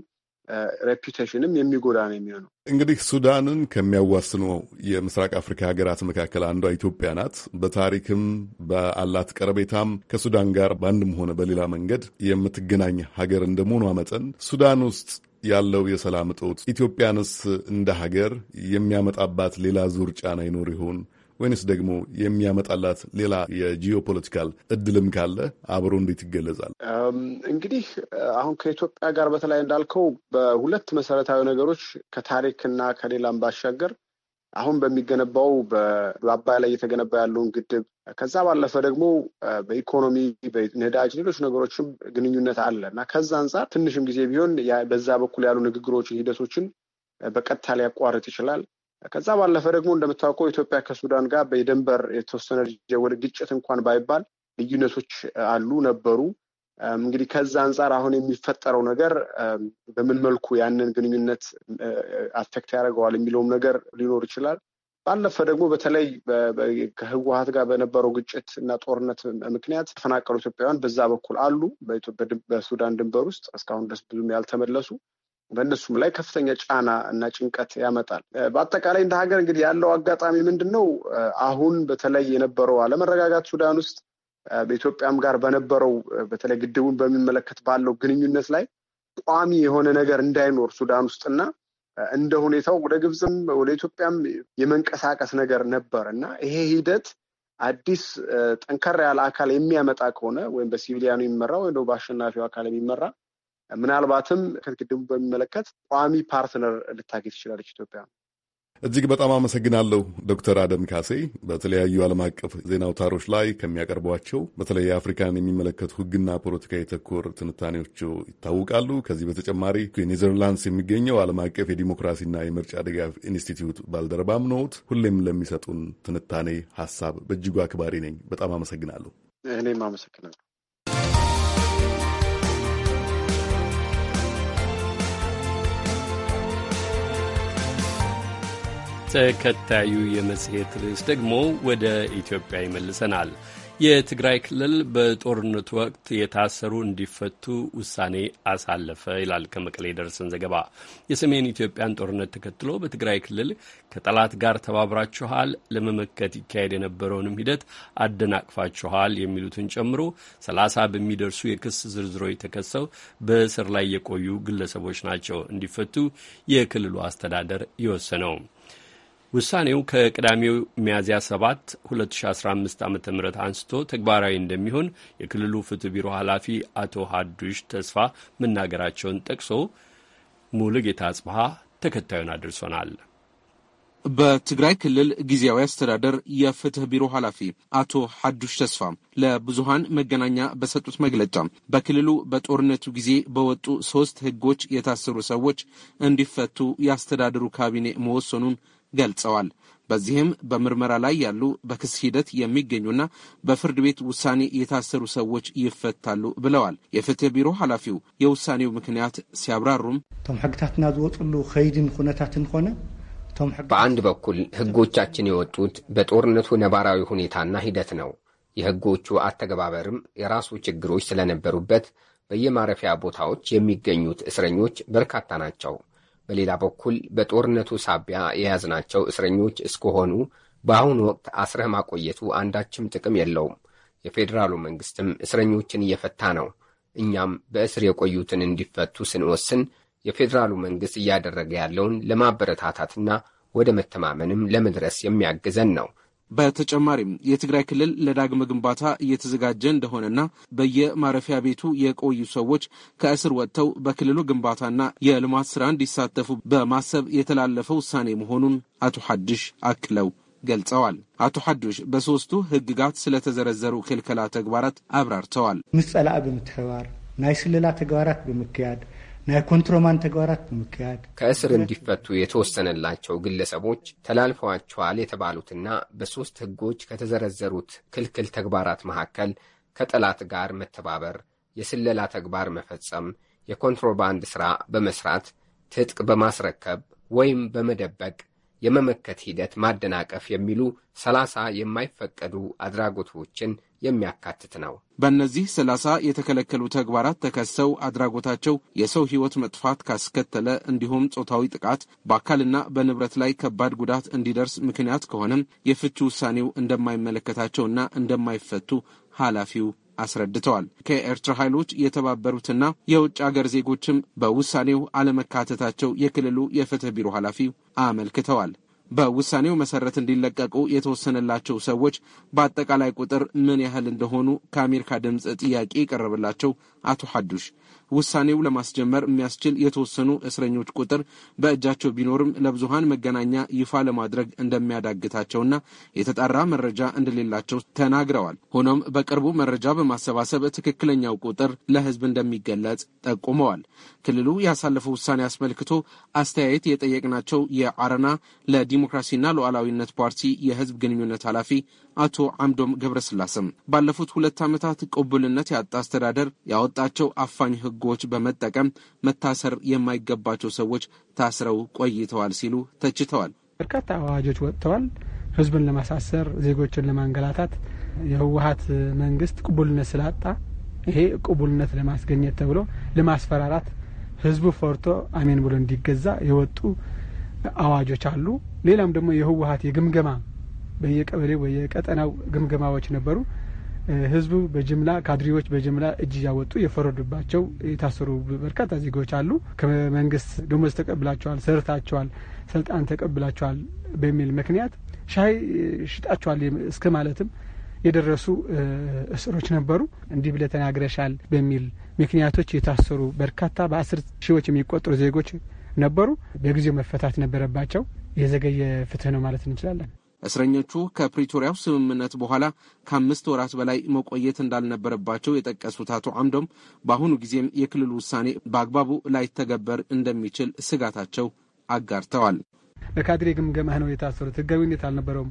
ሬፒቴሽንም የሚጎዳ ነው የሚሆነው። እንግዲህ ሱዳንን ከሚያዋስኑ የምስራቅ አፍሪካ ሀገራት መካከል አንዷ ኢትዮጵያ ናት። በታሪክም በአላት ቀረቤታም ከሱዳን ጋር በአንድም ሆነ በሌላ መንገድ የምትገናኝ ሀገር እንደመሆኗ መጠን ሱዳን ውስጥ ያለው የሰላም እጦት ኢትዮጵያንስ እንደ ሀገር የሚያመጣባት ሌላ ዙር ጫና ይኖር ይሆን? ወይንስ ደግሞ የሚያመጣላት ሌላ የጂኦፖለቲካል እድልም ካለ አብሮ እንዴት ይገለጻል? እንግዲህ አሁን ከኢትዮጵያ ጋር በተለይ እንዳልከው በሁለት መሰረታዊ ነገሮች ከታሪክና ከሌላም ባሻገር አሁን በሚገነባው በአባይ ላይ እየተገነባ ያለውን ግድብ ከዛ ባለፈ ደግሞ በኢኮኖሚ በነዳጅ ሌሎች ነገሮችም ግንኙነት አለ እና ከዛ አንጻር ትንሽም ጊዜ ቢሆን በዛ በኩል ያሉ ንግግሮችን፣ ሂደቶችን በቀጥታ ሊያቋርጥ ይችላል። ከዛ ባለፈ ደግሞ እንደምታውቀው ኢትዮጵያ ከሱዳን ጋር በድንበር የተወሰነ ወደ ግጭት እንኳን ባይባል ልዩነቶች አሉ ነበሩ። እንግዲህ ከዛ አንጻር አሁን የሚፈጠረው ነገር በምን መልኩ ያንን ግንኙነት አፌክት ያደርገዋል የሚለውም ነገር ሊኖር ይችላል። ባለፈ ደግሞ በተለይ ከህወሀት ጋር በነበረው ግጭት እና ጦርነት ምክንያት ተፈናቀሉ ኢትዮጵያውያን በዛ በኩል አሉ በሱዳን ድንበር ውስጥ እስካሁን ድረስ ብዙም ያልተመለሱ በእነሱም ላይ ከፍተኛ ጫና እና ጭንቀት ያመጣል። በአጠቃላይ እንደ ሀገር እንግዲህ ያለው አጋጣሚ ምንድን ነው? አሁን በተለይ የነበረው አለመረጋጋት ሱዳን ውስጥ በኢትዮጵያም ጋር በነበረው በተለይ ግድቡን በሚመለከት ባለው ግንኙነት ላይ ቋሚ የሆነ ነገር እንዳይኖር ሱዳን ውስጥና እንደ ሁኔታው ወደ ግብፅም ወደ ኢትዮጵያም የመንቀሳቀስ ነገር ነበር እና ይሄ ሂደት አዲስ ጠንከራ ያለ አካል የሚያመጣ ከሆነ ወይም በሲቪሊያኑ የሚመራ ወይም በአሸናፊው አካል የሚመራ ምናልባትም ከግድቡ በሚመለከት ቋሚ ፓርትነር ልታገኝ ትችላለች ኢትዮጵያ። እጅግ በጣም አመሰግናለሁ ዶክተር አደም ካሴ በተለያዩ ዓለም አቀፍ ዜና አውታሮች ላይ ከሚያቀርቧቸው በተለይ አፍሪካን የሚመለከቱ ሕግና ፖለቲካ የተኮር ትንታኔዎቹ ይታወቃሉ። ከዚህ በተጨማሪ ኔዘርላንድስ የሚገኘው ዓለም አቀፍ የዲሞክራሲና የምርጫ ድጋፍ ኢንስቲትዩት ባልደረባም ነዎት። ሁሌም ለሚሰጡን ትንታኔ ሀሳብ በእጅጉ አክባሪ ነኝ። በጣም አመሰግናለሁ። እኔም አመሰግናለሁ። ተከታዩ የመጽሔት ርዕስ ደግሞ ወደ ኢትዮጵያ ይመልሰናል። የትግራይ ክልል በጦርነቱ ወቅት የታሰሩ እንዲፈቱ ውሳኔ አሳለፈ ይላል ከመቀሌ ደርሰን ዘገባ። የሰሜን ኢትዮጵያን ጦርነት ተከትሎ በትግራይ ክልል ከጠላት ጋር ተባብራችኋል፣ ለመመከት ይካሄድ የነበረውንም ሂደት አደናቅፋችኋል የሚሉትን ጨምሮ ሰላሳ በሚደርሱ የክስ ዝርዝሮች ተከሰው በእስር ላይ የቆዩ ግለሰቦች ናቸው እንዲፈቱ የክልሉ አስተዳደር የወሰነው። ውሳኔው ከቅዳሜው ሚያዝያ 7 2015 ዓ ም አንስቶ ተግባራዊ እንደሚሆን የክልሉ ፍትህ ቢሮ ኃላፊ አቶ ሀዱሽ ተስፋ መናገራቸውን ጠቅሶ ሙሉጌታ አጽብሃ ተከታዩን አድርሶናል። በትግራይ ክልል ጊዜያዊ አስተዳደር የፍትህ ቢሮ ኃላፊ አቶ ሀዱሽ ተስፋ ለብዙሃን መገናኛ በሰጡት መግለጫ በክልሉ በጦርነቱ ጊዜ በወጡ ሶስት ህጎች የታሰሩ ሰዎች እንዲፈቱ የአስተዳደሩ ካቢኔ መወሰኑን ገልጸዋል። በዚህም በምርመራ ላይ ያሉ በክስ ሂደት የሚገኙና በፍርድ ቤት ውሳኔ የታሰሩ ሰዎች ይፈታሉ ብለዋል። የፍትህ ቢሮ ኃላፊው የውሳኔው ምክንያት ሲያብራሩም እቶም ሕግታትና ዝወፅሉ ከይድን ኩነታትን ኾነ በአንድ በኩል ሕጎቻችን የወጡት በጦርነቱ ነባራዊ ሁኔታና ሂደት ነው። የሕጎቹ አተገባበርም የራሱ ችግሮች ስለነበሩበት በየማረፊያ ቦታዎች የሚገኙት እስረኞች በርካታ ናቸው። በሌላ በኩል በጦርነቱ ሳቢያ የያዝናቸው እስረኞች እስከሆኑ በአሁኑ ወቅት አስረህ ማቆየቱ አንዳችም ጥቅም የለውም። የፌዴራሉ መንግስትም እስረኞችን እየፈታ ነው። እኛም በእስር የቆዩትን እንዲፈቱ ስንወስን የፌዴራሉ መንግስት እያደረገ ያለውን ለማበረታታትና ወደ መተማመንም ለመድረስ የሚያግዘን ነው። በተጨማሪም የትግራይ ክልል ለዳግመ ግንባታ እየተዘጋጀ እንደሆነና በየማረፊያ ቤቱ የቆዩ ሰዎች ከእስር ወጥተው በክልሉ ግንባታና የልማት ስራ እንዲሳተፉ በማሰብ የተላለፈ ውሳኔ መሆኑን አቶ ሐድሽ አክለው ገልጸዋል። አቶ ሐዱሽ በሦስቱ ህግጋት ስለተዘረዘሩ ክልከላ ተግባራት አብራርተዋል። ምስ ጸላእ ብምትሕባር ናይ ስልላ ተግባራት ብምክያድ ኮንትሮባንድ ተግባራት በመካሄድ ከእስር እንዲፈቱ የተወሰነላቸው ግለሰቦች ተላልፈዋቸዋል የተባሉትና በሦስት ሕጎች ከተዘረዘሩት ክልክል ተግባራት መካከል ከጠላት ጋር መተባበር፣ የስለላ ተግባር መፈጸም፣ የኮንትሮባንድ ሥራ በመሥራት፣ ትጥቅ በማስረከብ ወይም በመደበቅ የመመከት ሂደት ማደናቀፍ የሚሉ ሰላሳ የማይፈቀዱ አድራጎቶችን የሚያካትት ነው። በእነዚህ ሰላሳ የተከለከሉ ተግባራት ተከሰው አድራጎታቸው የሰው ሕይወት መጥፋት ካስከተለ እንዲሁም ጾታዊ ጥቃት በአካልና በንብረት ላይ ከባድ ጉዳት እንዲደርስ ምክንያት ከሆነም የፍች ውሳኔው እንደማይመለከታቸውና እንደማይፈቱ ኃላፊው አስረድተዋል። ከኤርትራ ኃይሎች የተባበሩትና የውጭ አገር ዜጎችም በውሳኔው አለመካተታቸው የክልሉ የፍትህ ቢሮ ኃላፊ አመልክተዋል። በውሳኔው መሰረት እንዲለቀቁ የተወሰነላቸው ሰዎች በአጠቃላይ ቁጥር ምን ያህል እንደሆኑ ከአሜሪካ ድምፅ ጥያቄ የቀረበላቸው አቶ ሐዱሽ ውሳኔው ለማስጀመር የሚያስችል የተወሰኑ እስረኞች ቁጥር በእጃቸው ቢኖርም ለብዙሃን መገናኛ ይፋ ለማድረግ እንደሚያዳግታቸውና የተጣራ መረጃ እንደሌላቸው ተናግረዋል። ሆኖም በቅርቡ መረጃ በማሰባሰብ ትክክለኛው ቁጥር ለህዝብ እንደሚገለጽ ጠቁመዋል። ክልሉ ያሳለፈው ውሳኔ አስመልክቶ አስተያየት የጠየቅናቸው የአረና ለዲሞክራሲና ሉዓላዊነት ፓርቲ የህዝብ ግንኙነት ኃላፊ አቶ አምዶም ገብረስላሴም ባለፉት ሁለት ዓመታት ቅቡልነት ያጣ አስተዳደር ያወጣቸው አፋኝ ሕጎች በመጠቀም መታሰር የማይገባቸው ሰዎች ታስረው ቆይተዋል ሲሉ ተችተዋል። በርካታ አዋጆች ወጥተዋል። ህዝብን ለማሳሰር፣ ዜጎችን ለማንገላታት የህወሀት መንግስት ቅቡልነት ስላጣ ይሄ ቅቡልነት ለማስገኘት ተብሎ ለማስፈራራት ህዝቡ ፈርቶ አሜን ብሎ እንዲገዛ የወጡ አዋጆች አሉ። ሌላም ደግሞ የህወሀት የግምገማ በየቀበሌው በየቀጠናው ግምገማዎች ነበሩ። ህዝቡ በጅምላ ካድሬዎች በጅምላ እጅ እያወጡ የፈረዱባቸው የታሰሩ በርካታ ዜጎች አሉ። ከመንግስት ደሞዝ ተቀብላቸዋል፣ ሰርታቸዋል፣ ስልጣን ተቀብላቸዋል በሚል ምክንያት ሻይ ሽጣቸዋል እስከ ማለትም የደረሱ እስሮች ነበሩ። እንዲህ ብለ ተናግረሻል በሚል ምክንያቶች የታሰሩ በርካታ በአስር ሺዎች የሚቆጠሩ ዜጎች ነበሩ። በጊዜው መፈታት ነበረባቸው። የዘገየ ፍትህ ነው ማለት እንችላለን። እስረኞቹ ከፕሪቶሪያው ስምምነት በኋላ ከአምስት ወራት በላይ መቆየት እንዳልነበረባቸው የጠቀሱት አቶ አምዶም በአሁኑ ጊዜም የክልሉ ውሳኔ በአግባቡ ላይተገበር እንደሚችል ስጋታቸው አጋርተዋል። በካድሬ ግምገማህ ነው የታሰሩት፣ ህጋዊነት አልነበረውም።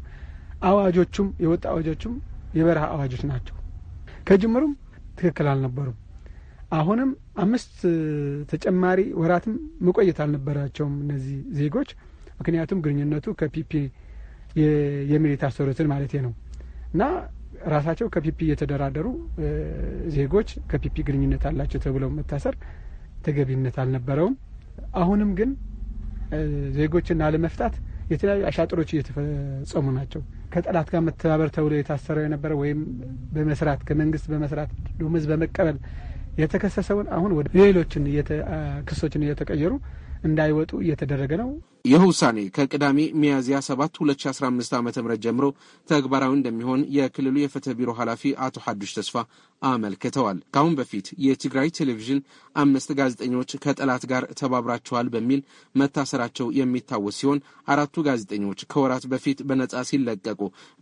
አዋጆቹም የወጣ አዋጆቹም የበረሃ አዋጆች ናቸው። ከጅምሩም ትክክል አልነበሩም። አሁንም አምስት ተጨማሪ ወራትም መቆየት አልነበራቸውም እነዚህ ዜጎች ምክንያቱም ግንኙነቱ ከፒፒ የሚሊት ማለት ነው እና ራሳቸው ከፒፒ እየተደራደሩ ዜጎች ከፒፒ ግንኙነት አላቸው ተብለው መታሰር ተገቢነት አልነበረውም። አሁንም ግን ዜጎችን አለመፍታት የተለያዩ አሻጥሮች እየተፈጸሙ ናቸው። ከጠላት ጋር መተባበር ተብሎ የታሰረው የነበረ ወይም በመስራት ከመንግስት በመስራት ደሞዝ በመቀበል የተከሰሰውን አሁን ወደ ሌሎችን ክሶችን እየተቀየሩ እንዳይወጡ እየተደረገ ነው። ይህ ውሳኔ ከቅዳሜ ሚያዝያ 7 2015 ዓ ም ጀምሮ ተግባራዊ እንደሚሆን የክልሉ የፍትህ ቢሮ ኃላፊ አቶ ሐዱሽ ተስፋ አመልክተዋል። ከአሁን በፊት የትግራይ ቴሌቪዥን አምስት ጋዜጠኞች ከጠላት ጋር ተባብራቸዋል በሚል መታሰራቸው የሚታወስ ሲሆን አራቱ ጋዜጠኞች ከወራት በፊት በነጻ ሲለቀቁ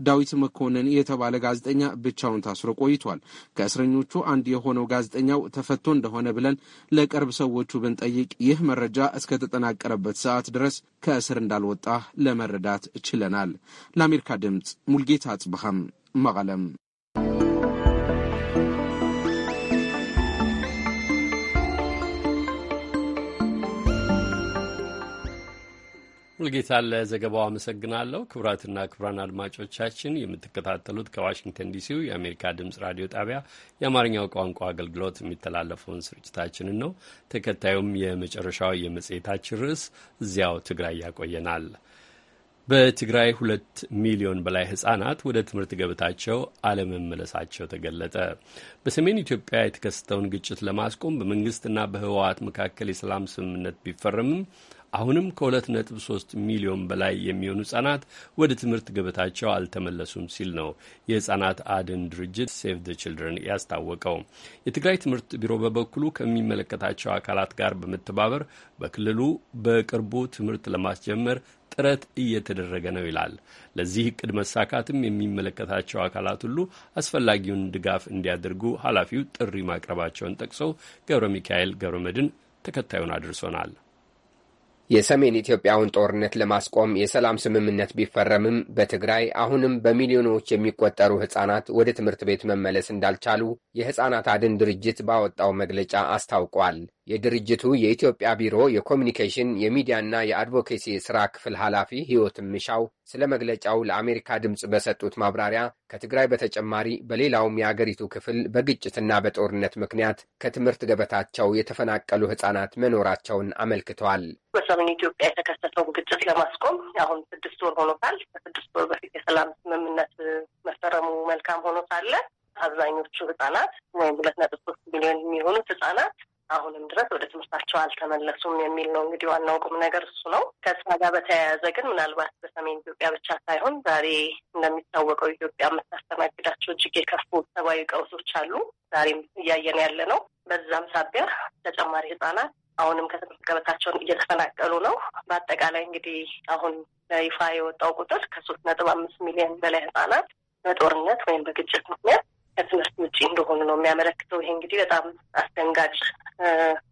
ዳዊት መኮንን የተባለ ጋዜጠኛ ብቻውን ታስሮ ቆይቷል። ከእስረኞቹ አንድ የሆነው ጋዜጠኛው ተፈቶ እንደሆነ ብለን ለቅርብ ሰዎቹ ብንጠይቅ ይህ መረጃ እስከተጠናቀረበት ሰዓት ድረስ ከእስር እንዳልወጣ ለመረዳት ችለናል። ለአሜሪካ ድምፅ ሙልጌታ አጽብሃም መቀለም ሙልጌታ ለዘገባው አመሰግናለሁ። ክቡራትና ክቡራን አድማጮቻችን የምትከታተሉት ከዋሽንግተን ዲሲው የአሜሪካ ድምጽ ራዲዮ ጣቢያ የአማርኛው ቋንቋ አገልግሎት የሚተላለፈውን ስርጭታችንን ነው። ተከታዩም የመጨረሻው የመጽሔታችን ርዕስ እዚያው ትግራይ ያቆየናል። በትግራይ ሁለት ሚሊዮን በላይ ህጻናት ወደ ትምህርት ገበታቸው አለመመለሳቸው ተገለጠ። በሰሜን ኢትዮጵያ የተከሰተውን ግጭት ለማስቆም በመንግስትና በህወሀት መካከል የሰላም ስምምነት ቢፈረምም አሁንም ከ2.3 ሚሊዮን በላይ የሚሆኑ ህጻናት ወደ ትምህርት ገበታቸው አልተመለሱም ሲል ነው የህጻናት አድን ድርጅት ሴቭ ደ ችልድረን ያስታወቀው። የትግራይ ትምህርት ቢሮ በበኩሉ ከሚመለከታቸው አካላት ጋር በመተባበር በክልሉ በቅርቡ ትምህርት ለማስጀመር ጥረት እየተደረገ ነው ይላል። ለዚህ እቅድ መሳካትም የሚመለከታቸው አካላት ሁሉ አስፈላጊውን ድጋፍ እንዲያደርጉ ኃላፊው ጥሪ ማቅረባቸውን ጠቅሰው ገብረ ሚካኤል ገብረ መድን ተከታዩን አድርሶናል። የሰሜን ኢትዮጵያውን ጦርነት ለማስቆም የሰላም ስምምነት ቢፈረምም በትግራይ አሁንም በሚሊዮኖች የሚቆጠሩ ሕፃናት ወደ ትምህርት ቤት መመለስ እንዳልቻሉ የሕፃናት አድን ድርጅት ባወጣው መግለጫ አስታውቋል። የድርጅቱ የኢትዮጵያ ቢሮ የኮሚኒኬሽን የሚዲያና የአድቮኬሲ ሥራ ክፍል ኃላፊ ሕይወት ምሻው ስለ መግለጫው ለአሜሪካ ድምፅ በሰጡት ማብራሪያ ከትግራይ በተጨማሪ በሌላውም የአገሪቱ ክፍል በግጭትና በጦርነት ምክንያት ከትምህርት ገበታቸው የተፈናቀሉ ህጻናት መኖራቸውን አመልክተዋል። በሰሜን ኢትዮጵያ የተከሰተውን ግጭት ለማስቆም አሁን ስድስት ወር ሆኖታል። ከስድስት ወር በፊት የሰላም ስምምነት መፈረሙ መልካም ሆኖ ሳለ አብዛኞቹ ህጻናት ወይም ሁለት ነጥብ ሶስት ሚሊዮን የሚሆኑት ህጻናት አሁንም ድረስ ወደ ትምህርታቸው አልተመለሱም የሚል ነው። እንግዲህ ዋናው ቁም ነገር እሱ ነው። ከስራ ጋር በተያያዘ ግን ምናልባት በሰሜን ኢትዮጵያ ብቻ ሳይሆን ዛሬ እንደሚታወቀው ኢትዮጵያ የምታስተናግዳቸው እጅግ የከፉ ሰብአዊ ቀውሶች አሉ። ዛሬም እያየን ያለ ነው። በዛም ሳቢያ ተጨማሪ ህጻናት አሁንም ከትምህርት ገበታቸውን እየተፈናቀሉ ነው። በአጠቃላይ እንግዲህ አሁን በይፋ የወጣው ቁጥር ከሶስት ነጥብ አምስት ሚሊዮን በላይ ህጻናት በጦርነት ወይም በግጭት ምክንያት ከትምህርት ውጭ እንደሆኑ ነው የሚያመለክተው። ይሄ እንግዲህ በጣም አስደንጋጭ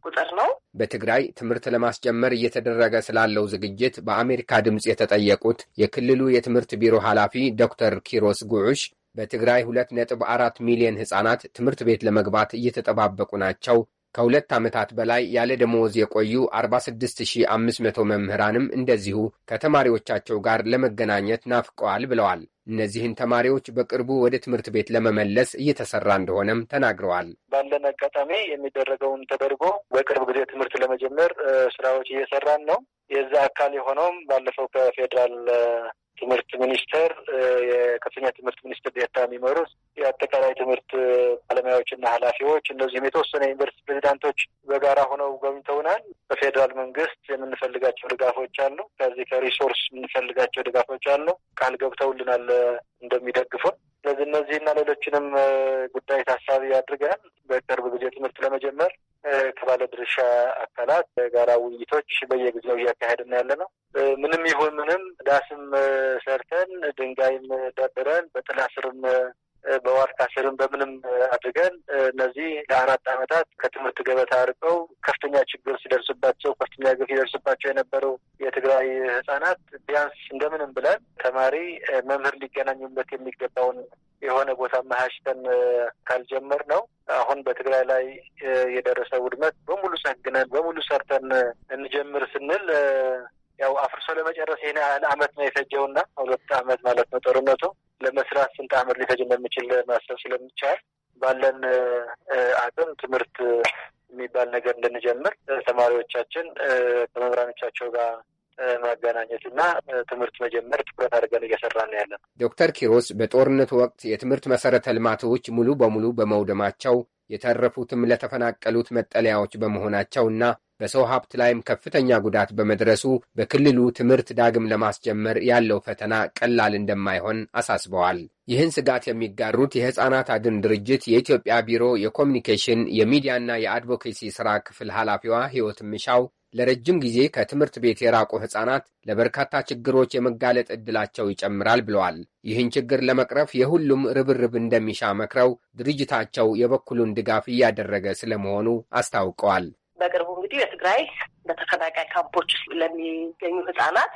ቁጥር ነው። በትግራይ ትምህርት ለማስጀመር እየተደረገ ስላለው ዝግጅት በአሜሪካ ድምፅ የተጠየቁት የክልሉ የትምህርት ቢሮ ኃላፊ ዶክተር ኪሮስ ጉዑሽ በትግራይ ሁለት ነጥብ አራት ሚሊዮን ህጻናት ትምህርት ቤት ለመግባት እየተጠባበቁ ናቸው። ከሁለት ዓመታት በላይ ያለ ደመወዝ የቆዩ 46500 መምህራንም እንደዚሁ ከተማሪዎቻቸው ጋር ለመገናኘት ናፍቀዋል ብለዋል። እነዚህን ተማሪዎች በቅርቡ ወደ ትምህርት ቤት ለመመለስ እየተሰራ እንደሆነም ተናግረዋል። ባለን አጋጣሚ የሚደረገውን ተደርጎ በቅርብ ጊዜ ትምህርት ለመጀመር ስራዎች እየሰራን ነው። የዛ አካል የሆነውም ባለፈው ከፌዴራል ትምህርት ሚኒስቴር የከፍተኛ ትምህርት ሚኒስትር ዴኤታ የሚመሩት የአጠቃላይ ትምህርት ባለሙያዎችና ኃላፊዎች እንደዚህም የተወሰነ ዩኒቨርሲቲ ፕሬዚዳንቶች በጋራ ሆነው ጎብኝተውናል። በፌዴራል መንግስት የምንፈልጋቸው ድጋፎች አሉ። ከዚህ ከሪሶርስ የምንፈልጋቸው ድጋፎች አሉ። ቃል ገብተውልናል እንደሚደግፉን። ስለዚህ እነዚህና ሌሎችንም ጉዳይ ታሳቢ አድርገን በቅርብ ጊዜ ትምህርት ለመጀመር ከባለ ድርሻ አካላት ጋራ ውይይቶች በየጊዜው እያካሄድን ያለ ነው። ምንም ይሁን ምንም ዳስም ሰርተን ድንጋይም ደብረን በጥላ ስርም በዋርካ ካሰርም በምንም አድርገን እነዚህ ለአራት ዓመታት ከትምህርት ገበታ አርቀው ከፍተኛ ችግር ሲደርስባቸው ከፍተኛ ግፍ ሲደርስባቸው የነበረው የትግራይ ህጻናት ቢያንስ እንደምንም ብለን ተማሪ መምህር ሊገናኙበት የሚገባውን የሆነ ቦታ መሀሽተን ካልጀመር ነው አሁን በትግራይ ላይ የደረሰ ውድመት በሙሉ ሰግነን በሙሉ ሰርተን እንጀምር ስንል ያው አፍርሶ ለመጨረስ ይህን ያህል አመት ነው የፈጀውና ሁለት አመት ማለት ነው ጦርነቱ ለመስራት ስንት አመት ሊፈጅ እንደሚችል ማሰብ ስለሚቻል ባለን አቅም ትምህርት የሚባል ነገር እንድንጀምር ተማሪዎቻችን ከመምህራኖቻቸው ጋር ማገናኘት እና ትምህርት መጀመር ትኩረት አድርገን እየሰራን ያለ ነው። ዶክተር ኪሮስ በጦርነቱ ወቅት የትምህርት መሰረተ ልማቶች ሙሉ በሙሉ በመውደማቸው የተረፉትም ለተፈናቀሉት መጠለያዎች በመሆናቸው እና በሰው ሀብት ላይም ከፍተኛ ጉዳት በመድረሱ በክልሉ ትምህርት ዳግም ለማስጀመር ያለው ፈተና ቀላል እንደማይሆን አሳስበዋል። ይህን ስጋት የሚጋሩት የሕፃናት አድን ድርጅት የኢትዮጵያ ቢሮ የኮሚኒኬሽን የሚዲያና የአድቮኬሲ ሥራ ክፍል ኃላፊዋ ሕይወት ምሻው ለረጅም ጊዜ ከትምህርት ቤት የራቁ ሕፃናት ለበርካታ ችግሮች የመጋለጥ ዕድላቸው ይጨምራል ብለዋል። ይህን ችግር ለመቅረፍ የሁሉም ርብርብ እንደሚሻ መክረው ድርጅታቸው የበኩሉን ድጋፍ እያደረገ ስለመሆኑ አስታውቀዋል። በቅርቡ እንግዲህ በትግራይ በተፈናቃይ ካምፖች ውስጥ ለሚገኙ ህጻናት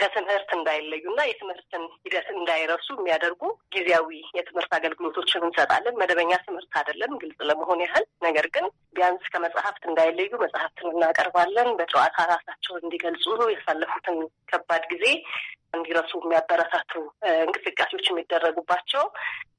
ከትምህርት እንዳይለዩና የትምህርትን ሂደት እንዳይረሱ የሚያደርጉ ጊዜያዊ የትምህርት አገልግሎቶችን እንሰጣለን። መደበኛ ትምህርት አይደለም፣ ግልጽ ለመሆን ያህል ነገር ግን ቢያንስ ከመጽሐፍት እንዳይለዩ መጽሐፍትን እናቀርባለን። በጨዋታ ራሳቸውን እንዲገልጹ ያሳለፉትን ከባድ ጊዜ እንዲረሱ የሚያበረታቱ እንቅስቃሴዎች የሚደረጉባቸው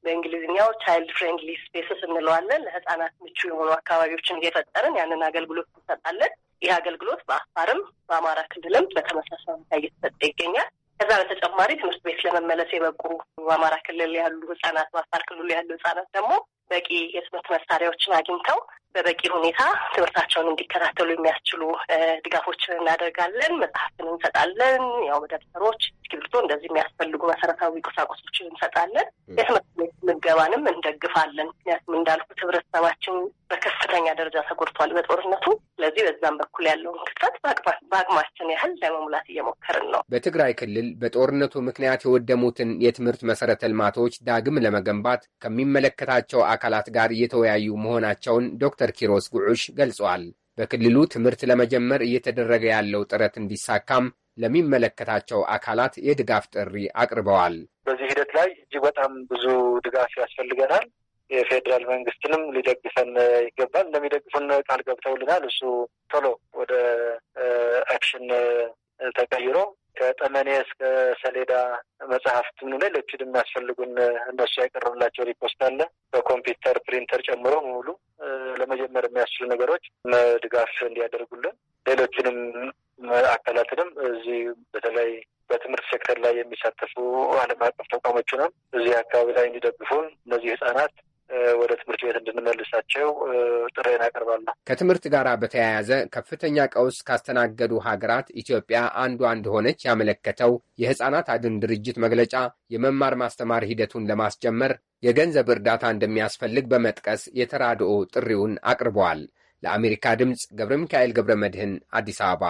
በእንግሊዝኛው ቻይልድ ፍሬንድሊ ስፔስስ እንለዋለን። ለህጻናት ምቹ የሆኑ አካባቢዎችን እየፈጠርን ያንን አገልግሎት እንሰጣለን። ይህ አገልግሎት በአፋርም በአማራ ክልልም በተመሳሳይ ሁኔታ እየተሰጠ ይገኛል። ከዛ በተጨማሪ ትምህርት ቤት ለመመለስ የበቁ በአማራ ክልል ያሉ ህጻናት፣ በአፋር ክልል ያሉ ህጻናት ደግሞ በቂ የትምህርት መሳሪያዎችን አግኝተው በበቂ ሁኔታ ትምህርታቸውን እንዲከታተሉ የሚያስችሉ ድጋፎችን እናደርጋለን። መጽሐፍትን እንሰጣለን። ያው ደብተሮች፣ እስክሪብቶ እንደዚህ የሚያስፈልጉ መሰረታዊ ቁሳቁሶችን እንሰጣለን። የትምህርት ቤት ምገባንም እንደግፋለን። ምክንያቱም እንዳልኩት ህብረተሰባችን በከፍተኛ ደረጃ ተጎድቷል በጦርነቱ። ስለዚህ በዛም በኩል ያለውን ክፍተት በአቅማችን ያህል ለመሙላት እየሞከርን ነው። በትግራይ ክልል በጦርነቱ ምክንያት የወደሙትን የትምህርት መሰረተ ልማቶች ዳግም ለመገንባት ከሚመለከታቸው አካላት ጋር እየተወያዩ መሆናቸውን ዶክተር ዶክተር ኪሮስ ጉዑሽ ገልጸዋል። በክልሉ ትምህርት ለመጀመር እየተደረገ ያለው ጥረት እንዲሳካም ለሚመለከታቸው አካላት የድጋፍ ጥሪ አቅርበዋል። በዚህ ሂደት ላይ እጅግ በጣም ብዙ ድጋፍ ያስፈልገናል። የፌዴራል መንግስትንም ሊደግፈን ይገባል። እንደሚደግፉን ቃል ገብተውልናል። እሱ ቶሎ ወደ አክሽን ተቀይሮ ከጠመኔ እስከ ሰሌዳ ምን ሌሎች የሚያስፈልጉን እነሱ ያቀረብላቸው ሪፖስት አለ። በኮምፒውተር ፕሪንተር ጨምሮ ሙሉ ለመጀመር የሚያስችሉ ነገሮች ድጋፍ እንዲያደርጉልን ሌሎችንም አካላትንም እዚህ በተለይ በትምህርት ሴክተር ላይ የሚሳተፉ ዓለም አቀፍ ተቋሞችንም እዚህ አካባቢ ላይ እንዲደግፉን እነዚህ ህጻናት ወደ ትምህርት ቤት እንድንመልሳቸው ጥሬን ያቀርባሉ ከትምህርት ጋር በተያያዘ ከፍተኛ ቀውስ ካስተናገዱ ሀገራት ኢትዮጵያ አንዷ እንደሆነች ያመለከተው የሕፃናት አድን ድርጅት መግለጫ የመማር ማስተማር ሂደቱን ለማስጀመር የገንዘብ እርዳታ እንደሚያስፈልግ በመጥቀስ የተራድኦ ጥሪውን አቅርበዋል። ለአሜሪካ ድምፅ ገብረ ሚካኤል ገብረ መድህን አዲስ አበባ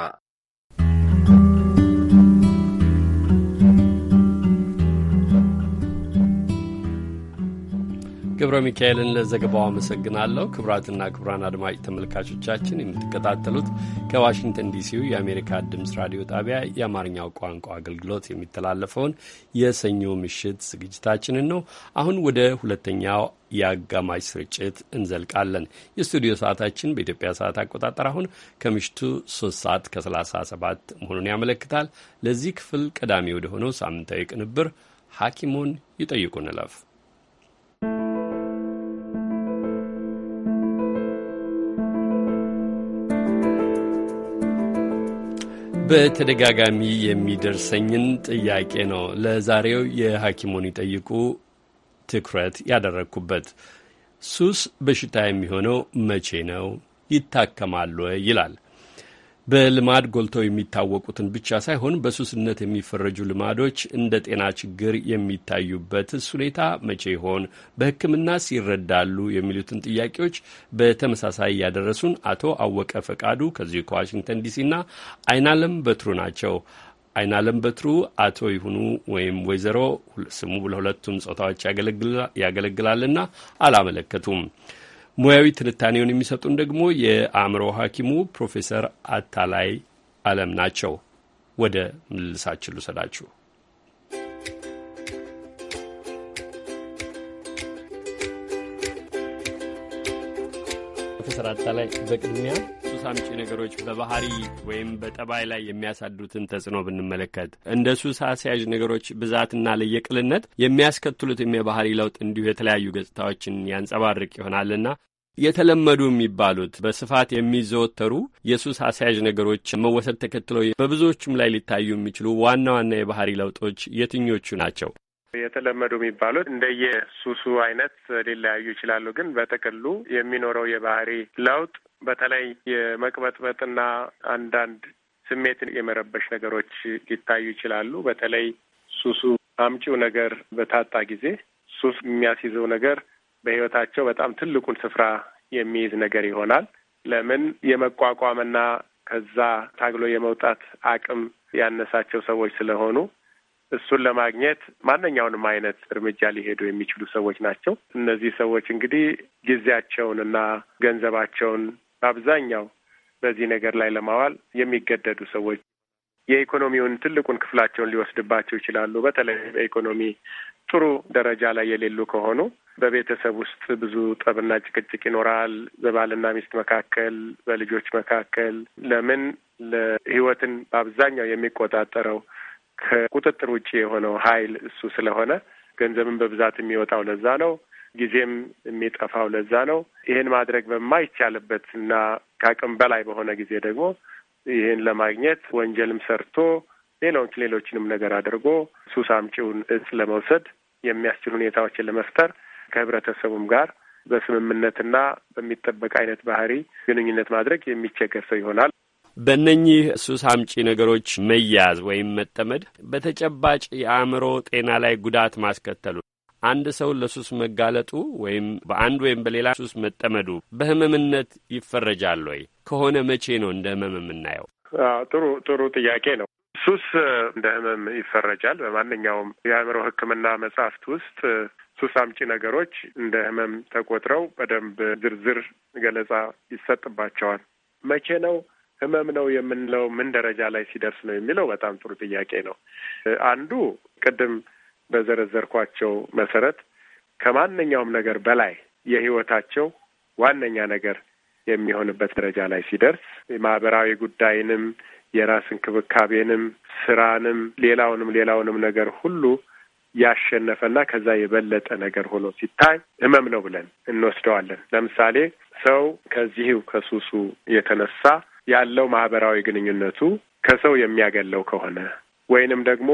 ገብረ ሚካኤልን ለዘገባው አመሰግናለሁ። ክቡራትና ክቡራን አድማጭ ተመልካቾቻችን የምትከታተሉት ከዋሽንግተን ዲሲው የአሜሪካ ድምፅ ራዲዮ ጣቢያ የአማርኛው ቋንቋ አገልግሎት የሚተላለፈውን የሰኞ ምሽት ዝግጅታችንን ነው። አሁን ወደ ሁለተኛው የአጋማሽ ስርጭት እንዘልቃለን። የስቱዲዮ ሰዓታችን በኢትዮጵያ ሰዓት አቆጣጠር አሁን ከምሽቱ 3 ሰዓት ከ37 መሆኑን ያመለክታል። ለዚህ ክፍል ቀዳሚ ወደሆነው ሳምንታዊ ቅንብር ሐኪሙን ይጠይቁ በተደጋጋሚ የሚደርሰኝን ጥያቄ ነው ለዛሬው የሐኪሙን ይጠይቁ ትኩረት ያደረግኩበት። ሱስ በሽታ የሚሆነው መቼ ነው? ይታከማሉ ይላል በልማድ ጎልተው የሚታወቁትን ብቻ ሳይሆን በሱስነት የሚፈረጁ ልማዶች እንደ ጤና ችግር የሚታዩበትስ ሁኔታ መቼ ይሆን? በሕክምናስ ይረዳሉ? የሚሉትን ጥያቄዎች በተመሳሳይ ያደረሱን አቶ አወቀ ፈቃዱ ከዚሁ ከዋሽንግተን ዲሲና አይናለም በትሩ ናቸው። አይናለም በትሩ አቶ ይሁኑ ወይም ወይዘሮ ስሙ ለሁለቱም ጾታዎች ያገለግላልና አላመለከቱም። ሙያዊ ትንታኔውን የሚሰጡን ደግሞ የአእምሮ ሐኪሙ ፕሮፌሰር አታላይ አለም ናቸው። ወደ ምልልሳችን ልውሰዳችሁ። ፕሮፌሰር አታላይ በቅድሚያ ሱስ አምጪ ነገሮች በባህሪ ወይም በጠባይ ላይ የሚያሳድሩትን ተጽዕኖ ብንመለከት እንደ ሱስ አስያዥ ነገሮች ብዛትና ለየቅልነት የሚያስከትሉትም የባህሪ ለውጥ እንዲሁ የተለያዩ ገጽታዎችን ያንጸባርቅ ይሆናልና የተለመዱ የሚባሉት በስፋት የሚዘወተሩ የሱስ አስያዥ ነገሮች መወሰድ ተከትለው በብዙዎቹም ላይ ሊታዩ የሚችሉ ዋና ዋና የባህሪ ለውጦች የትኞቹ ናቸው? የተለመዱ የሚባሉት እንደየ ሱሱ አይነት ሊለያዩ ይችላሉ። ግን በጥቅሉ የሚኖረው የባህሪ ለውጥ በተለይ የመቅበጥበጥና አንዳንድ ስሜትን የመረበሽ ነገሮች ሊታዩ ይችላሉ። በተለይ ሱሱ አምጪው ነገር በታጣ ጊዜ ሱስ የሚያስይዘው ነገር በህይወታቸው በጣም ትልቁን ስፍራ የሚይዝ ነገር ይሆናል። ለምን የመቋቋምና ከዛ ታግሎ የመውጣት አቅም ያነሳቸው ሰዎች ስለሆኑ እሱን ለማግኘት ማንኛውንም አይነት እርምጃ ሊሄዱ የሚችሉ ሰዎች ናቸው። እነዚህ ሰዎች እንግዲህ ጊዜያቸውን እና ገንዘባቸውን በአብዛኛው በዚህ ነገር ላይ ለማዋል የሚገደዱ ሰዎች የኢኮኖሚውን ትልቁን ክፍላቸውን ሊወስድባቸው ይችላሉ። በተለይ በኢኮኖሚ ጥሩ ደረጃ ላይ የሌሉ ከሆኑ በቤተሰብ ውስጥ ብዙ ጠብና ጭቅጭቅ ይኖራል። በባልና ሚስት መካከል፣ በልጆች መካከል ለምን ለህይወትን በአብዛኛው የሚቆጣጠረው ከቁጥጥር ውጭ የሆነው ኃይል እሱ ስለሆነ ገንዘብን በብዛት የሚወጣው ለዛ ነው። ጊዜም የሚጠፋው ለዛ ነው። ይህን ማድረግ በማይቻልበት እና ከአቅም በላይ በሆነ ጊዜ ደግሞ ይህን ለማግኘት ወንጀልም ሰርቶ ሌሎች ሌሎችንም ነገር አድርጎ ሱስ አምጪውን እጽ ለመውሰድ የሚያስችል ሁኔታዎችን ለመፍጠር ከህብረተሰቡም ጋር በስምምነትና በሚጠበቅ አይነት ባህሪ ግንኙነት ማድረግ የሚቸገር ሰው ይሆናል። በእነኚህ ሱስ አምጪ ነገሮች መያዝ ወይም መጠመድ በተጨባጭ የአእምሮ ጤና ላይ ጉዳት ማስከተሉ አንድ ሰው ለሱስ መጋለጡ ወይም በአንድ ወይም በሌላ ሱስ መጠመዱ በህመምነት ይፈረጃል ወይ? ከሆነ መቼ ነው እንደ ህመም የምናየው? ጥሩ ጥሩ ጥያቄ ነው። ሱስ እንደ ህመም ይፈረጃል። በማንኛውም የአእምሮ ሕክምና መጽሐፍት ውስጥ ሱስ አምጪ ነገሮች እንደ ህመም ተቆጥረው በደንብ ዝርዝር ገለጻ ይሰጥባቸዋል። መቼ ነው ህመም ነው የምንለው? ምን ደረጃ ላይ ሲደርስ ነው የሚለው በጣም ጥሩ ጥያቄ ነው። አንዱ ቅድም በዘረዘርኳቸው መሰረት ከማንኛውም ነገር በላይ የህይወታቸው ዋነኛ ነገር የሚሆንበት ደረጃ ላይ ሲደርስ የማህበራዊ ጉዳይንም የራስ እንክብካቤንም ስራንም ሌላውንም ሌላውንም ነገር ሁሉ ያሸነፈና ከዛ የበለጠ ነገር ሆኖ ሲታይ ህመም ነው ብለን እንወስደዋለን። ለምሳሌ ሰው ከዚህ ከሱሱ የተነሳ ያለው ማህበራዊ ግንኙነቱ ከሰው የሚያገለው ከሆነ ወይንም ደግሞ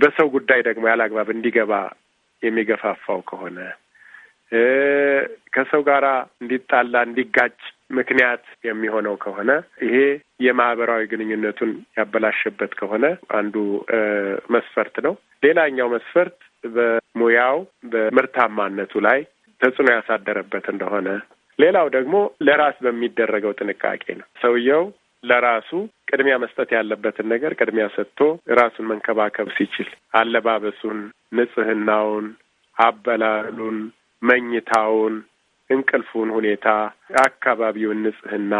በሰው ጉዳይ ደግሞ ያላግባብ እንዲገባ የሚገፋፋው ከሆነ ከሰው ጋር እንዲጣላ እንዲጋጭ ምክንያት የሚሆነው ከሆነ ይሄ የማህበራዊ ግንኙነቱን ያበላሸበት ከሆነ አንዱ መስፈርት ነው። ሌላኛው መስፈርት በሙያው በምርታማነቱ ላይ ተጽዕኖ ያሳደረበት እንደሆነ፣ ሌላው ደግሞ ለራስ በሚደረገው ጥንቃቄ ነው። ሰውየው ለራሱ ቅድሚያ መስጠት ያለበትን ነገር ቅድሚያ ሰጥቶ ራሱን መንከባከብ ሲችል አለባበሱን፣ ንጽህናውን፣ አበላሉን፣ መኝታውን እንቅልፉን ሁኔታ፣ የአካባቢውን ንጽህና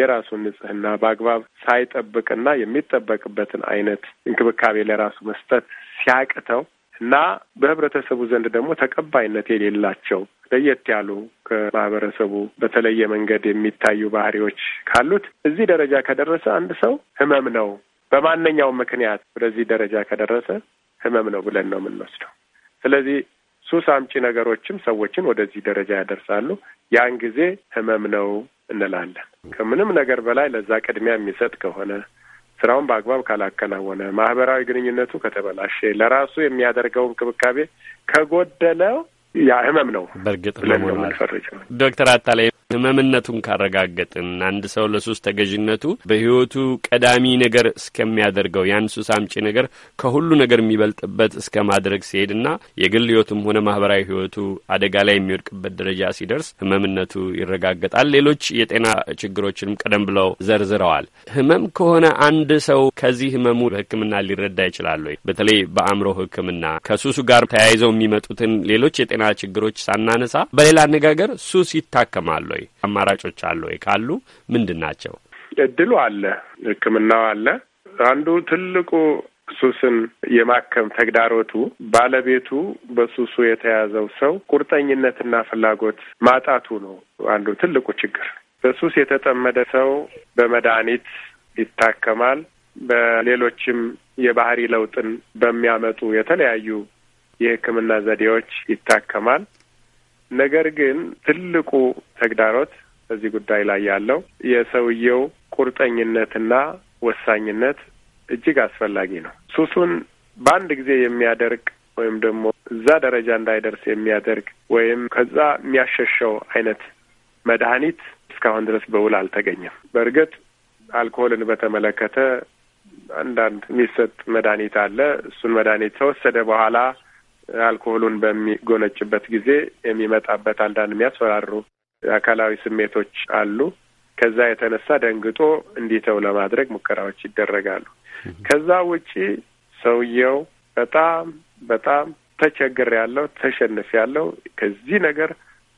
የራሱን ንጽህና በአግባብ ሳይጠብቅና የሚጠበቅበትን አይነት እንክብካቤ ለራሱ መስጠት ሲያቅተው እና በህብረተሰቡ ዘንድ ደግሞ ተቀባይነት የሌላቸው ለየት ያሉ ከማህበረሰቡ በተለየ መንገድ የሚታዩ ባህሪዎች ካሉት እዚህ ደረጃ ከደረሰ አንድ ሰው ህመም ነው። በማንኛውም ምክንያት ወደዚህ ደረጃ ከደረሰ ህመም ነው ብለን ነው የምንወስደው። ስለዚህ ሱስ አምጪ ነገሮችም ሰዎችን ወደዚህ ደረጃ ያደርሳሉ። ያን ጊዜ ህመም ነው እንላለን። ከምንም ነገር በላይ ለዛ ቅድሚያ የሚሰጥ ከሆነ ስራውን በአግባብ ካላከናወነ፣ ማህበራዊ ግንኙነቱ ከተበላሸ፣ ለራሱ የሚያደርገው እንክብካቤ ከጎደለው ያ ህመም ነው በእርግጥ ነው ዶክተር አታላይ ህመምነቱን ካረጋገጥን አንድ ሰው ለሱስ ተገዥነቱ በህይወቱ ቀዳሚ ነገር እስከሚያደርገው ያን ሱስ አምጪ ነገር ከሁሉ ነገር የሚበልጥበት እስከ ማድረግ ሲሄድና የግል ህይወቱም ሆነ ማህበራዊ ህይወቱ አደጋ ላይ የሚወድቅበት ደረጃ ሲደርስ ህመምነቱ ይረጋገጣል። ሌሎች የጤና ችግሮችንም ቀደም ብለው ዘርዝረዋል። ህመም ከሆነ አንድ ሰው ከዚህ ህመሙ በህክምና ሊረዳ ይችላል ወይ? በተለይ በአእምሮ ህክምና ከሱሱ ጋር ተያይዘው የሚመጡትን ሌሎች የጤና ችግሮች ሳናነሳ፣ በሌላ አነጋገር ሱስ ይታከማሉ ወይ? አማራጮች አሉ ወይ? ካሉ ምንድን ናቸው? እድሉ አለ፣ ህክምናው አለ። አንዱ ትልቁ ሱስን የማከም ተግዳሮቱ ባለቤቱ በሱሱ የተያዘው ሰው ቁርጠኝነትና ፍላጎት ማጣቱ ነው። አንዱ ትልቁ ችግር በሱስ የተጠመደ ሰው በመድኃኒት ይታከማል። በሌሎችም የባህሪ ለውጥን በሚያመጡ የተለያዩ የህክምና ዘዴዎች ይታከማል። ነገር ግን ትልቁ ተግዳሮት በዚህ ጉዳይ ላይ ያለው የሰውየው ቁርጠኝነትና ወሳኝነት እጅግ አስፈላጊ ነው። ሱሱን በአንድ ጊዜ የሚያደርግ ወይም ደግሞ እዛ ደረጃ እንዳይደርስ የሚያደርግ ወይም ከዛ የሚያሸሸው አይነት መድኃኒት እስካሁን ድረስ በውል አልተገኘም። በእርግጥ አልኮሆልን በተመለከተ አንዳንድ የሚሰጥ መድኃኒት አለ። እሱን መድኃኒት ከወሰደ በኋላ አልኮሆሉን በሚጎነጭበት ጊዜ የሚመጣበት አንዳንድ የሚያስፈራሩ አካላዊ ስሜቶች አሉ። ከዛ የተነሳ ደንግጦ እንዲተው ለማድረግ ሙከራዎች ይደረጋሉ። ከዛ ውጪ ሰውየው በጣም በጣም ተቸግር ያለው ተሸንፍ ያለው ከዚህ ነገር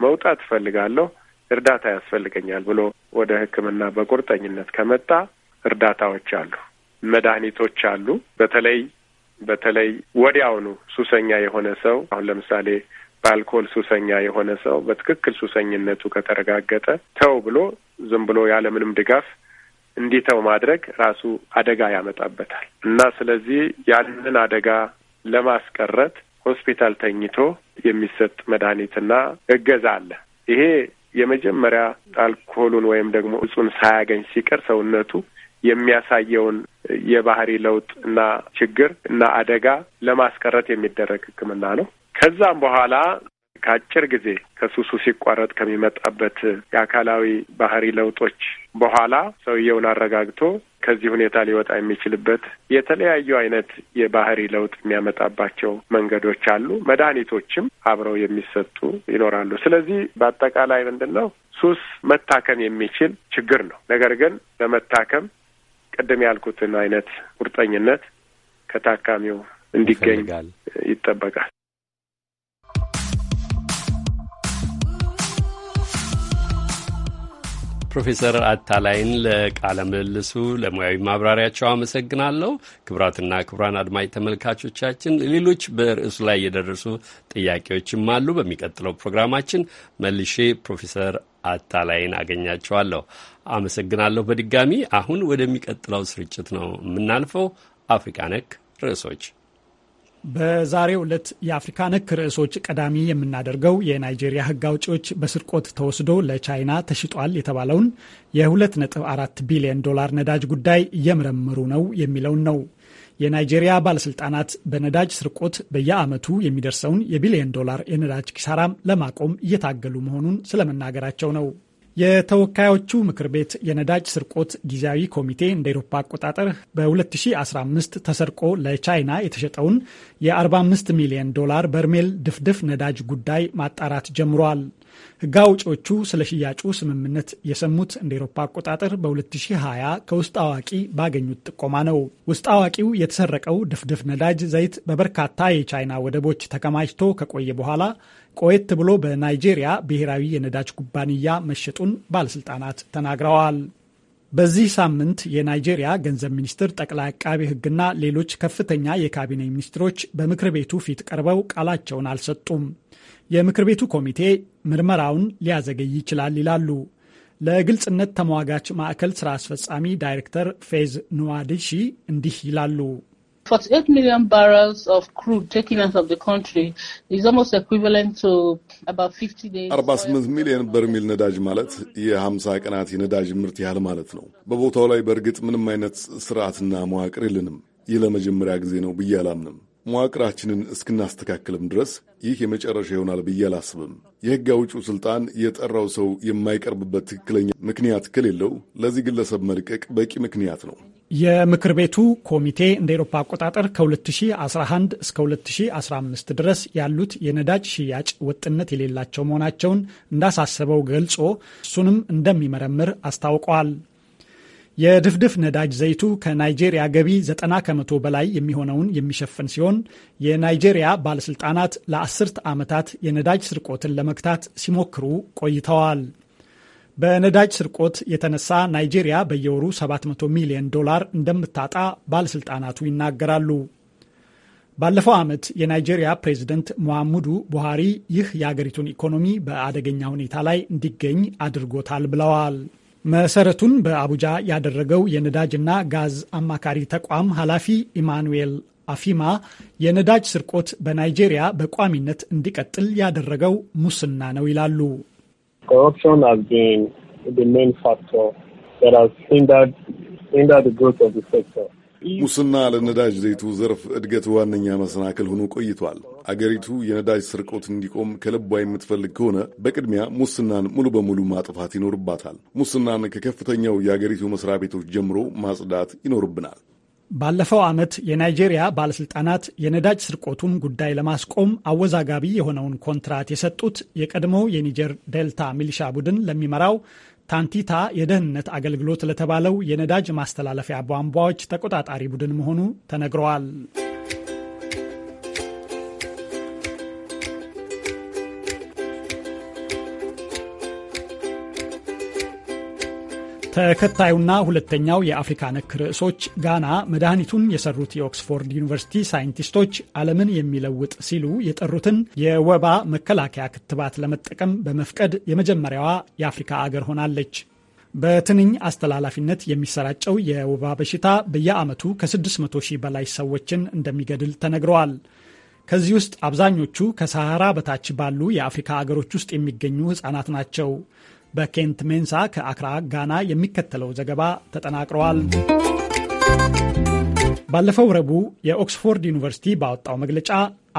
መውጣት እፈልጋለሁ፣ እርዳታ ያስፈልገኛል ብሎ ወደ ሕክምና በቁርጠኝነት ከመጣ እርዳታዎች አሉ፣ መድኃኒቶች አሉ። በተለይ በተለይ ወዲያውኑ ሱሰኛ የሆነ ሰው አሁን ለምሳሌ በአልኮል ሱሰኛ የሆነ ሰው በትክክል ሱሰኝነቱ ከተረጋገጠ ተው ብሎ ዝም ብሎ ያለምንም ድጋፍ እንዲተው ማድረግ ራሱ አደጋ ያመጣበታል እና ስለዚህ ያንን አደጋ ለማስቀረት ሆስፒታል ተኝቶ የሚሰጥ መድኃኒትና እገዛ አለ። ይሄ የመጀመሪያ አልኮሉን ወይም ደግሞ እጹን ሳያገኝ ሲቀር ሰውነቱ የሚያሳየውን የባህሪ ለውጥ እና ችግር እና አደጋ ለማስቀረት የሚደረግ ሕክምና ነው። ከዛም በኋላ ከአጭር ጊዜ ከሱሱ ሲቋረጥ ከሚመጣበት የአካላዊ ባህሪ ለውጦች በኋላ ሰውየውን አረጋግቶ ከዚህ ሁኔታ ሊወጣ የሚችልበት የተለያዩ አይነት የባህሪ ለውጥ የሚያመጣባቸው መንገዶች አሉ። መድኃኒቶችም አብረው የሚሰጡ ይኖራሉ። ስለዚህ በአጠቃላይ ምንድን ነው ሱስ መታከም የሚችል ችግር ነው። ነገር ግን ለመታከም ቅድም ያልኩትን አይነት ቁርጠኝነት ከታካሚው እንዲገኝ ይጠበቃል። ፕሮፌሰር አታላይን ለቃለ ምልልሱ ለሙያዊ ማብራሪያቸው አመሰግናለሁ። ክቡራትና ክቡራን አድማጭ ተመልካቾቻችን ሌሎች በርዕሱ ላይ የደረሱ ጥያቄዎችም አሉ። በሚቀጥለው ፕሮግራማችን መልሼ ፕሮፌሰር አታላይን አገኛቸዋለሁ። አመሰግናለሁ። በድጋሚ አሁን ወደሚቀጥለው ስርጭት ነው የምናልፈው። አፍሪካ ነክ ርዕሶች በዛሬው ዕለት የአፍሪካ ነክ ርዕሶች ቀዳሚ የምናደርገው የናይጄሪያ ሕግ አውጪዎች በስርቆት ተወስዶ ለቻይና ተሽጧል የተባለውን የ2.4 ቢሊዮን ዶላር ነዳጅ ጉዳይ እየመረመሩ ነው የሚለውን ነው። የናይጄሪያ ባለስልጣናት በነዳጅ ስርቆት በየዓመቱ የሚደርሰውን የቢሊዮን ዶላር የነዳጅ ኪሳራም ለማቆም እየታገሉ መሆኑን ስለመናገራቸው ነው። የተወካዮቹ ምክር ቤት የነዳጅ ስርቆት ጊዜያዊ ኮሚቴ እንደ ኤሮፓ አቆጣጠር በ2015 ተሰርቆ ለቻይና የተሸጠውን የ45 ሚሊዮን ዶላር በርሜል ድፍድፍ ነዳጅ ጉዳይ ማጣራት ጀምሯል። ህግ አውጪዎቹ ስለ ሽያጩ ስምምነት የሰሙት እንደ ኤሮፓ አቆጣጠር በ2020 ከውስጥ አዋቂ ባገኙት ጥቆማ ነው። ውስጥ አዋቂው የተሰረቀው ድፍድፍ ነዳጅ ዘይት በበርካታ የቻይና ወደቦች ተከማችቶ ከቆየ በኋላ ቆየት ብሎ በናይጄሪያ ብሔራዊ የነዳጅ ኩባንያ መሸጡን ባለስልጣናት ተናግረዋል። በዚህ ሳምንት የናይጄሪያ ገንዘብ ሚኒስትር ጠቅላይ አቃቢ ሕግና ሌሎች ከፍተኛ የካቢኔ ሚኒስትሮች በምክር ቤቱ ፊት ቀርበው ቃላቸውን አልሰጡም። የምክር ቤቱ ኮሚቴ ምርመራውን ሊያዘገይ ይችላል ይላሉ። ለግልጽነት ተሟጋች ማዕከል ስራ አስፈጻሚ ዳይሬክተር ፌዝ ንዋድሺ እንዲህ ይላሉ። 48 million barrels of crude taken out of the country is almost equivalent to about 50 days. 48 ሚሊዮን በርሜል ነዳጅ ማለት የ50 ቀናት የነዳጅ ምርት ያህል ማለት ነው። በቦታው ላይ በእርግጥ ምንም አይነት ስርዓትና መዋቅር የለንም። ይህ ለመጀመሪያ ጊዜ ነው ብዬ አላምንም። መዋቅራችንን እስክናስተካክልም ድረስ ይህ የመጨረሻ ይሆናል ብዬ አላስብም። የሕግ አውጪው ስልጣን የጠራው ሰው የማይቀርብበት ትክክለኛ ምክንያት ከሌለው ለዚህ ግለሰብ መልቀቅ በቂ ምክንያት ነው። የምክር ቤቱ ኮሚቴ እንደ ኤሮፓ አቆጣጠር ከ2011 እስከ 2015 ድረስ ያሉት የነዳጅ ሽያጭ ወጥነት የሌላቸው መሆናቸውን እንዳሳሰበው ገልጾ እሱንም እንደሚመረምር አስታውቀዋል። የድፍድፍ ነዳጅ ዘይቱ ከናይጄሪያ ገቢ 90 ከመቶ በላይ የሚሆነውን የሚሸፍን ሲሆን የናይጄሪያ ባለሥልጣናት ለአስርት ዓመታት የነዳጅ ስርቆትን ለመግታት ሲሞክሩ ቆይተዋል። በነዳጅ ስርቆት የተነሳ ናይጄሪያ በየወሩ 700 ሚሊዮን ዶላር እንደምታጣ ባለሥልጣናቱ ይናገራሉ። ባለፈው ዓመት የናይጄሪያ ፕሬዚደንት ሙሐሙዱ ቡሃሪ ይህ የአገሪቱን ኢኮኖሚ በአደገኛ ሁኔታ ላይ እንዲገኝ አድርጎታል ብለዋል። መሰረቱን በአቡጃ ያደረገው የነዳጅና ጋዝ አማካሪ ተቋም ኃላፊ ኢማኑኤል አፊማ የነዳጅ ስርቆት በናይጄሪያ በቋሚነት እንዲቀጥል ያደረገው ሙስና ነው ይላሉ። Corruption has been the main factor that has hindered, hindered the growth of the sector. ሙስና ለነዳጅ ዘይቱ ዘርፍ እድገት ዋነኛ መሰናክል ሆኖ ቆይቷል። አገሪቱ የነዳጅ ስርቆት እንዲቆም ከልቧ የምትፈልግ ከሆነ በቅድሚያ ሙስናን ሙሉ በሙሉ ማጥፋት ይኖርባታል። ሙስናን ከከፍተኛው የአገሪቱ መስሪያ ቤቶች ጀምሮ ማጽዳት ይኖርብናል። ባለፈው ዓመት የናይጄሪያ ባለሥልጣናት የነዳጅ ስርቆቱን ጉዳይ ለማስቆም አወዛጋቢ የሆነውን ኮንትራት የሰጡት የቀድሞው የኒጀር ዴልታ ሚሊሻ ቡድን ለሚመራው ታንቲታ የደህንነት አገልግሎት ለተባለው የነዳጅ ማስተላለፊያ ቧንቧዎች ተቆጣጣሪ ቡድን መሆኑ ተነግረዋል። ተከታዩና ሁለተኛው የአፍሪካ ነክ ርዕሶች ጋና መድኃኒቱን የሰሩት የኦክስፎርድ ዩኒቨርሲቲ ሳይንቲስቶች ዓለምን የሚለውጥ ሲሉ የጠሩትን የወባ መከላከያ ክትባት ለመጠቀም በመፍቀድ የመጀመሪያዋ የአፍሪካ አገር ሆናለች። በትንኝ አስተላላፊነት የሚሰራጨው የወባ በሽታ በየዓመቱ ከ600 ሺህ በላይ ሰዎችን እንደሚገድል ተነግረዋል። ከዚህ ውስጥ አብዛኞቹ ከሰሃራ በታች ባሉ የአፍሪካ አገሮች ውስጥ የሚገኙ ሕፃናት ናቸው። በኬንት ሜንሳ ከአክራ ጋና የሚከተለው ዘገባ ተጠናቅረዋል። ባለፈው ረቡዕ የኦክስፎርድ ዩኒቨርሲቲ ባወጣው መግለጫ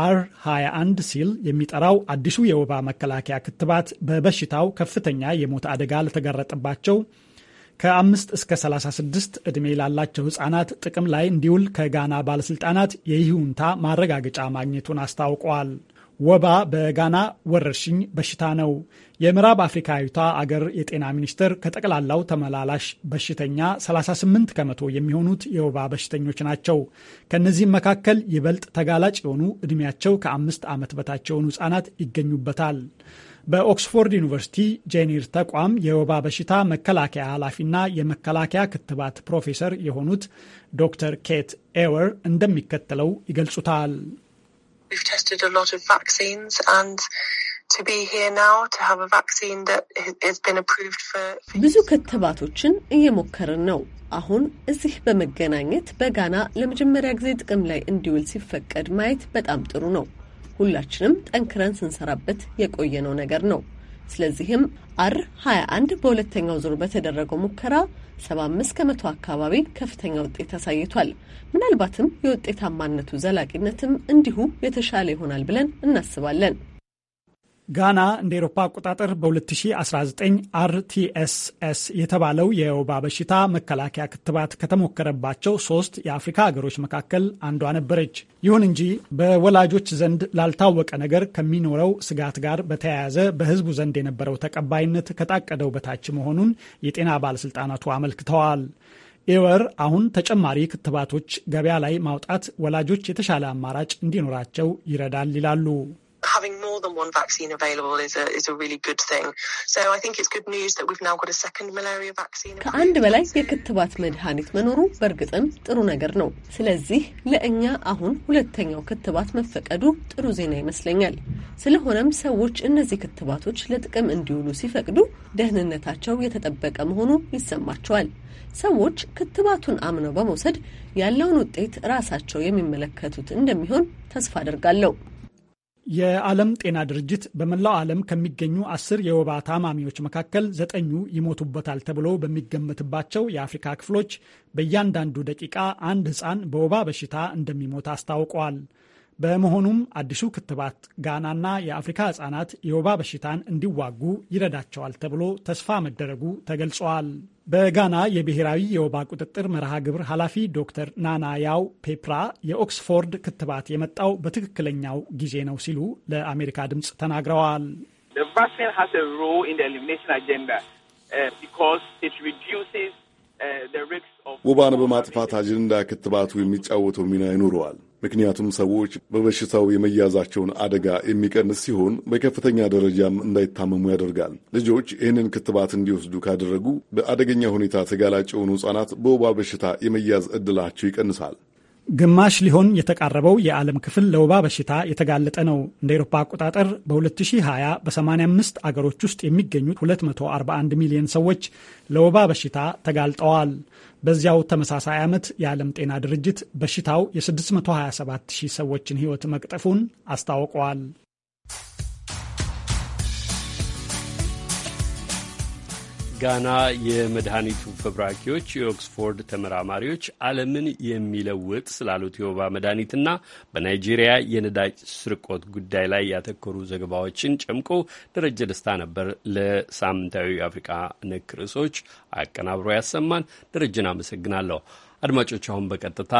አር 21 ሲል የሚጠራው አዲሱ የወባ መከላከያ ክትባት በበሽታው ከፍተኛ የሞት አደጋ ለተጋረጠባቸው ከ5 እስከ 36 ዕድሜ ላላቸው ህፃናት ጥቅም ላይ እንዲውል ከጋና ባለሥልጣናት የይሁንታ ማረጋገጫ ማግኘቱን አስታውቀዋል። ወባ በጋና ወረርሽኝ በሽታ ነው። የምዕራብ አፍሪካዊቷ አገር የጤና ሚኒስቴር ከጠቅላላው ተመላላሽ በሽተኛ 38 ከመቶ የሚሆኑት የወባ በሽተኞች ናቸው። ከእነዚህም መካከል ይበልጥ ተጋላጭ የሆኑ ዕድሜያቸው ከአምስት ዓመት በታች የሆኑ ህጻናት ይገኙበታል። በኦክስፎርድ ዩኒቨርሲቲ ጄኒር ተቋም የወባ በሽታ መከላከያ ኃላፊና የመከላከያ ክትባት ፕሮፌሰር የሆኑት ዶክተር ኬት ኤወር እንደሚከተለው ይገልጹታል። ብዙ ክትባቶችን እየሞከርን ነው። አሁን እዚህ በመገናኘት በጋና ለመጀመሪያ ጊዜ ጥቅም ላይ እንዲውል ሲፈቀድ ማየት በጣም ጥሩ ነው። ሁላችንም ጠንክረን ስንሰራበት የቆየነው ነገር ነው። ስለዚህም አር 21 በሁለተኛው ዙር በተደረገው ሙከራ 75 ከመቶ አካባቢ ከፍተኛ ውጤት አሳይቷል። ምናልባትም የውጤታማነቱ ዘላቂነትም እንዲሁ የተሻለ ይሆናል ብለን እናስባለን። ጋና እንደ ኤሮፓ አቆጣጠር በ2019 አርቲኤስኤስ የተባለው የወባ በሽታ መከላከያ ክትባት ከተሞከረባቸው ሶስት የአፍሪካ ሀገሮች መካከል አንዷ ነበረች። ይሁን እንጂ በወላጆች ዘንድ ላልታወቀ ነገር ከሚኖረው ስጋት ጋር በተያያዘ በሕዝቡ ዘንድ የነበረው ተቀባይነት ከታቀደው በታች መሆኑን የጤና ባለስልጣናቱ አመልክተዋል። ኤወር አሁን ተጨማሪ ክትባቶች ገበያ ላይ ማውጣት ወላጆች የተሻለ አማራጭ እንዲኖራቸው ይረዳል ይላሉ። having more than one vaccine available is a, is a really good thing. So I think it's good news that we've now got a second malaria vaccine. ከአንድ በላይ የክትባት መድኃኒት መኖሩ በእርግጥም ጥሩ ነገር ነው። ስለዚህ ለእኛ አሁን ሁለተኛው ክትባት መፈቀዱ ጥሩ ዜና ይመስለኛል። ስለሆነም ሰዎች እነዚህ ክትባቶች ለጥቅም እንዲውሉ ሲፈቅዱ ደህንነታቸው የተጠበቀ መሆኑ ይሰማቸዋል። ሰዎች ክትባቱን አምነው በመውሰድ ያለውን ውጤት ራሳቸው የሚመለከቱት እንደሚሆን ተስፋ አድርጋለሁ። የዓለም ጤና ድርጅት በመላው ዓለም ከሚገኙ አስር የወባ ታማሚዎች መካከል ዘጠኙ ይሞቱበታል ተብሎ በሚገመትባቸው የአፍሪካ ክፍሎች በእያንዳንዱ ደቂቃ አንድ ሕፃን በወባ በሽታ እንደሚሞት አስታውቀዋል። በመሆኑም አዲሱ ክትባት ጋናና የአፍሪካ ህጻናት የወባ በሽታን እንዲዋጉ ይረዳቸዋል ተብሎ ተስፋ መደረጉ ተገልጿል። በጋና የብሔራዊ የወባ ቁጥጥር መርሃ ግብር ኃላፊ ዶክተር ናናያው ፔፕራ የኦክስፎርድ ክትባት የመጣው በትክክለኛው ጊዜ ነው ሲሉ ለአሜሪካ ድምፅ ተናግረዋል። uh, uh, ወባን በማጥፋት አጀንዳ ክትባቱ የሚጫወተው ሚና ይኖረዋል። ምክንያቱም ሰዎች በበሽታው የመያዛቸውን አደጋ የሚቀንስ ሲሆን በከፍተኛ ደረጃም እንዳይታመሙ ያደርጋል። ልጆች ይህንን ክትባት እንዲወስዱ ካደረጉ በአደገኛ ሁኔታ ተጋላጭ የሆኑ ሕጻናት በወባ በሽታ የመያዝ እድላቸው ይቀንሳል። ግማሽ ሊሆን የተቃረበው የዓለም ክፍል ለወባ በሽታ የተጋለጠ ነው። እንደ ኤሮፓ አቆጣጠር በ2020 በ85 አገሮች ውስጥ የሚገኙ 241 ሚሊዮን ሰዎች ለወባ በሽታ ተጋልጠዋል። በዚያው ተመሳሳይ ዓመት የዓለም ጤና ድርጅት በሽታው የ627 ሺህ ሰዎችን ሕይወት መቅጠፉን አስታውቀዋል። ጋና የመድኃኒቱ ፈብራኪዎች የኦክስፎርድ ተመራማሪዎች ዓለምን የሚለውጥ ስላሉት የወባ መድኃኒትና በናይጄሪያ የነዳጅ ስርቆት ጉዳይ ላይ ያተኮሩ ዘገባዎችን ጨምቆ ደረጀ ደስታ ነበር ለሳምንታዊ አፍሪቃ ነክ ርዕሶች አቀናብሮ ያሰማን። ደረጀን አመሰግናለሁ። አድማጮች አሁን በቀጥታ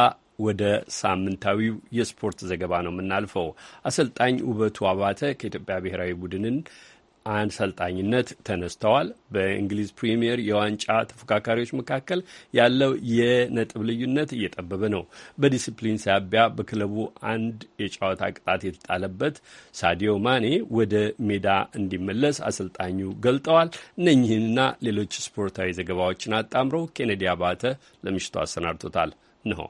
ወደ ሳምንታዊው የስፖርት ዘገባ ነው የምናልፈው። አሰልጣኝ ውበቱ አባተ ከኢትዮጵያ ብሔራዊ ቡድንን አንሰልጣኝነት ተነስተዋል። በእንግሊዝ ፕሪምየር የዋንጫ ተፎካካሪዎች መካከል ያለው የነጥብ ልዩነት እየጠበበ ነው። በዲሲፕሊን ሳቢያ በክለቡ አንድ የጨዋታ ቅጣት የተጣለበት ሳዲዮ ማኔ ወደ ሜዳ እንዲመለስ አሰልጣኙ ገልጠዋል። እነኚህንና ሌሎች ስፖርታዊ ዘገባዎችን አጣምሮ ኬኔዲ አባተ ለምሽቱ አሰናድቶታል ነው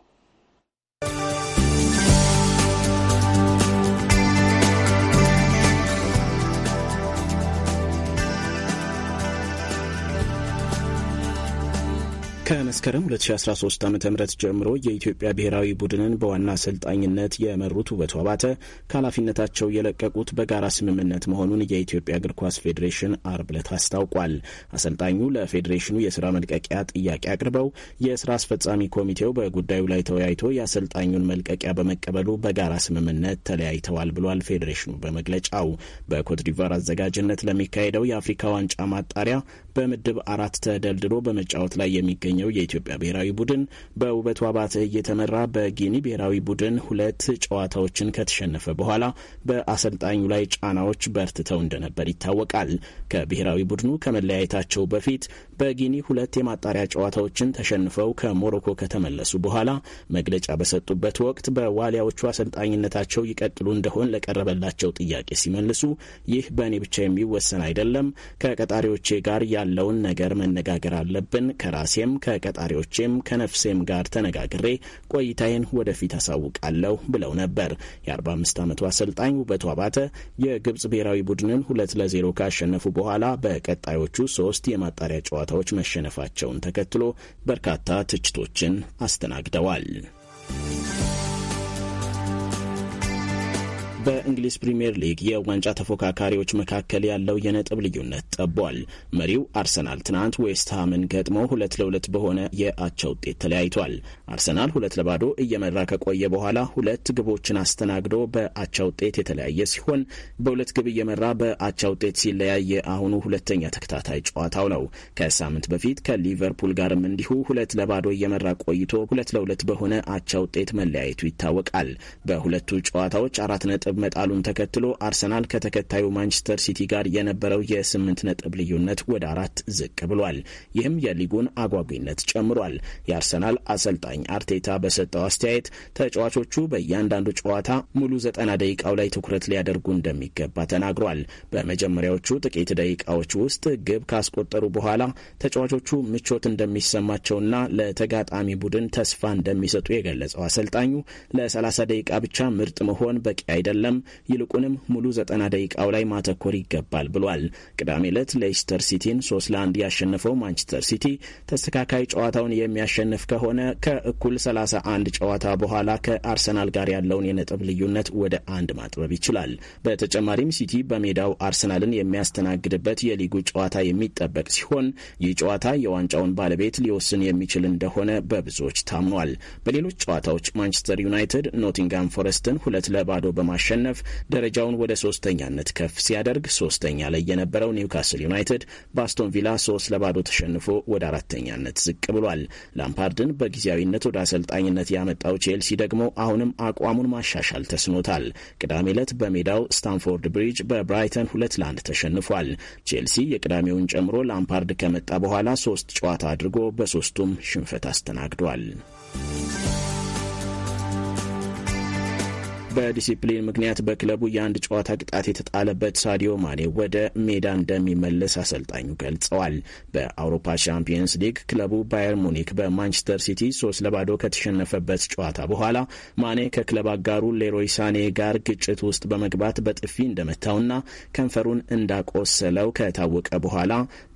ከመስከረም 2013 ዓ ም ጀምሮ የኢትዮጵያ ብሔራዊ ቡድንን በዋና አሰልጣኝነት የመሩት ውበቱ አባተ ከኃላፊነታቸው የለቀቁት በጋራ ስምምነት መሆኑን የኢትዮጵያ እግር ኳስ ፌዴሬሽን አርብ ዕለት አስታውቋል። አሰልጣኙ ለፌዴሬሽኑ የስራ መልቀቂያ ጥያቄ አቅርበው የስራ አስፈጻሚ ኮሚቴው በጉዳዩ ላይ ተወያይቶ የአሰልጣኙን መልቀቂያ በመቀበሉ በጋራ ስምምነት ተለያይተዋል ብሏል። ፌዴሬሽኑ በመግለጫው በኮትዲቫር አዘጋጅነት ለሚካሄደው የአፍሪካ ዋንጫ ማጣሪያ በምድብ አራት ተደልድሎ በመጫወት ላይ የሚገኝ የሚገኘው የኢትዮጵያ ብሔራዊ ቡድን በውበቱ አባተ እየተመራ በጊኒ ብሔራዊ ቡድን ሁለት ጨዋታዎችን ከተሸነፈ በኋላ በአሰልጣኙ ላይ ጫናዎች በርትተው እንደነበር ይታወቃል። ከብሔራዊ ቡድኑ ከመለያየታቸው በፊት በጊኒ ሁለት የማጣሪያ ጨዋታዎችን ተሸንፈው ከሞሮኮ ከተመለሱ በኋላ መግለጫ በሰጡበት ወቅት በዋሊያዎቹ አሰልጣኝነታቸው ይቀጥሉ እንደሆን ለቀረበላቸው ጥያቄ ሲመልሱ ይህ በእኔ ብቻ የሚወሰን አይደለም፣ ከቀጣሪዎቼ ጋር ያለውን ነገር መነጋገር አለብን፣ ከራሴም ከ ከቀጣሪዎቼም ከነፍሴም ጋር ተነጋግሬ ቆይታዬን ወደፊት አሳውቃለሁ ብለው ነበር። የ45 ዓመቱ አሰልጣኝ ውበቱ አባተ የግብጽ ብሔራዊ ቡድንን ሁለት ለዜሮ ካሸነፉ በኋላ በቀጣዮቹ ሶስት የማጣሪያ ጨዋታዎች መሸነፋቸውን ተከትሎ በርካታ ትችቶችን አስተናግደዋል። በእንግሊዝ ፕሪምየር ሊግ የዋንጫ ተፎካካሪዎች መካከል ያለው የነጥብ ልዩነት ጠቧል። መሪው አርሰናል ትናንት ዌስትሃምን ገጥሞ ሁለት ለሁለት በሆነ የአቻ ውጤት ተለያይቷል። አርሰናል ሁለት ለባዶ እየመራ ከቆየ በኋላ ሁለት ግቦችን አስተናግዶ በአቻ ውጤት የተለያየ ሲሆን በሁለት ግብ እየመራ በአቻ ውጤት ሲለያይ የአሁኑ ሁለተኛ ተከታታይ ጨዋታው ነው። ከሳምንት በፊት ከሊቨርፑል ጋርም እንዲሁ ሁለት ለባዶ እየመራ ቆይቶ ሁለት ለሁለት በሆነ አቻ ውጤት መለያየቱ ይታወቃል። በሁለቱ ጨዋታዎች አራት ነጥብ ነጥብ መጣሉን ተከትሎ አርሰናል ከተከታዩ ማንቸስተር ሲቲ ጋር የነበረው የስምንት ነጥብ ልዩነት ወደ አራት ዝቅ ብሏል። ይህም የሊጉን አጓጊነት ጨምሯል። የአርሰናል አሰልጣኝ አርቴታ በሰጠው አስተያየት ተጫዋቾቹ በእያንዳንዱ ጨዋታ ሙሉ ዘጠና ደቂቃው ላይ ትኩረት ሊያደርጉ እንደሚገባ ተናግሯል። በመጀመሪያዎቹ ጥቂት ደቂቃዎች ውስጥ ግብ ካስቆጠሩ በኋላ ተጫዋቾቹ ምቾት እንደሚሰማቸውና ለተጋጣሚ ቡድን ተስፋ እንደሚሰጡ የገለጸው አሰልጣኙ ለ30 ደቂቃ ብቻ ምርጥ መሆን በቂ አይደለም አይደለም፣ ይልቁንም ሙሉ ዘጠና ደቂቃው ላይ ማተኮር ይገባል ብሏል። ቅዳሜ ዕለት ሌስተር ሲቲን ሶስት ለአንድ ያሸነፈው ማንቸስተር ሲቲ ተስተካካይ ጨዋታውን የሚያሸንፍ ከሆነ ከእኩል 31 ጨዋታ በኋላ ከአርሰናል ጋር ያለውን የነጥብ ልዩነት ወደ አንድ ማጥበብ ይችላል። በተጨማሪም ሲቲ በሜዳው አርሰናልን የሚያስተናግድበት የሊጉ ጨዋታ የሚጠበቅ ሲሆን ይህ ጨዋታ የዋንጫውን ባለቤት ሊወስን የሚችል እንደሆነ በብዙዎች ታምኗል። በሌሎች ጨዋታዎች ማንቸስተር ዩናይትድ ኖቲንጋም ፎረስትን ሁለት ለባዶ በማሸ በማሸነፍ ደረጃውን ወደ ሶስተኛነት ከፍ ሲያደርግ ሶስተኛ ላይ የነበረው ኒውካስል ዩናይትድ በአስቶን ቪላ ሶስት ለባዶ ተሸንፎ ወደ አራተኛነት ዝቅ ብሏል። ላምፓርድን በጊዜያዊነት ወደ አሰልጣኝነት ያመጣው ቼልሲ ደግሞ አሁንም አቋሙን ማሻሻል ተስኖታል። ቅዳሜ ዕለት በሜዳው ስታንፎርድ ብሪጅ በብራይተን ሁለት ለአንድ ተሸንፏል። ቼልሲ የቅዳሜውን ጨምሮ ላምፓርድ ከመጣ በኋላ ሶስት ጨዋታ አድርጎ በሶስቱም ሽንፈት አስተናግዷል። በዲሲፕሊን ምክንያት በክለቡ የአንድ ጨዋታ ቅጣት የተጣለበት ሳዲዮ ማኔ ወደ ሜዳ እንደሚመለስ አሰልጣኙ ገልጸዋል። በአውሮፓ ሻምፒየንስ ሊግ ክለቡ ባየር ሙኒክ በማንቸስተር ሲቲ ሶስት ለባዶ ከተሸነፈበት ጨዋታ በኋላ ማኔ ከክለብ አጋሩ ሌሮይ ሳኔ ጋር ግጭት ውስጥ በመግባት በጥፊ እንደመታውና ከንፈሩን እንዳቆሰለው ከታወቀ በኋላ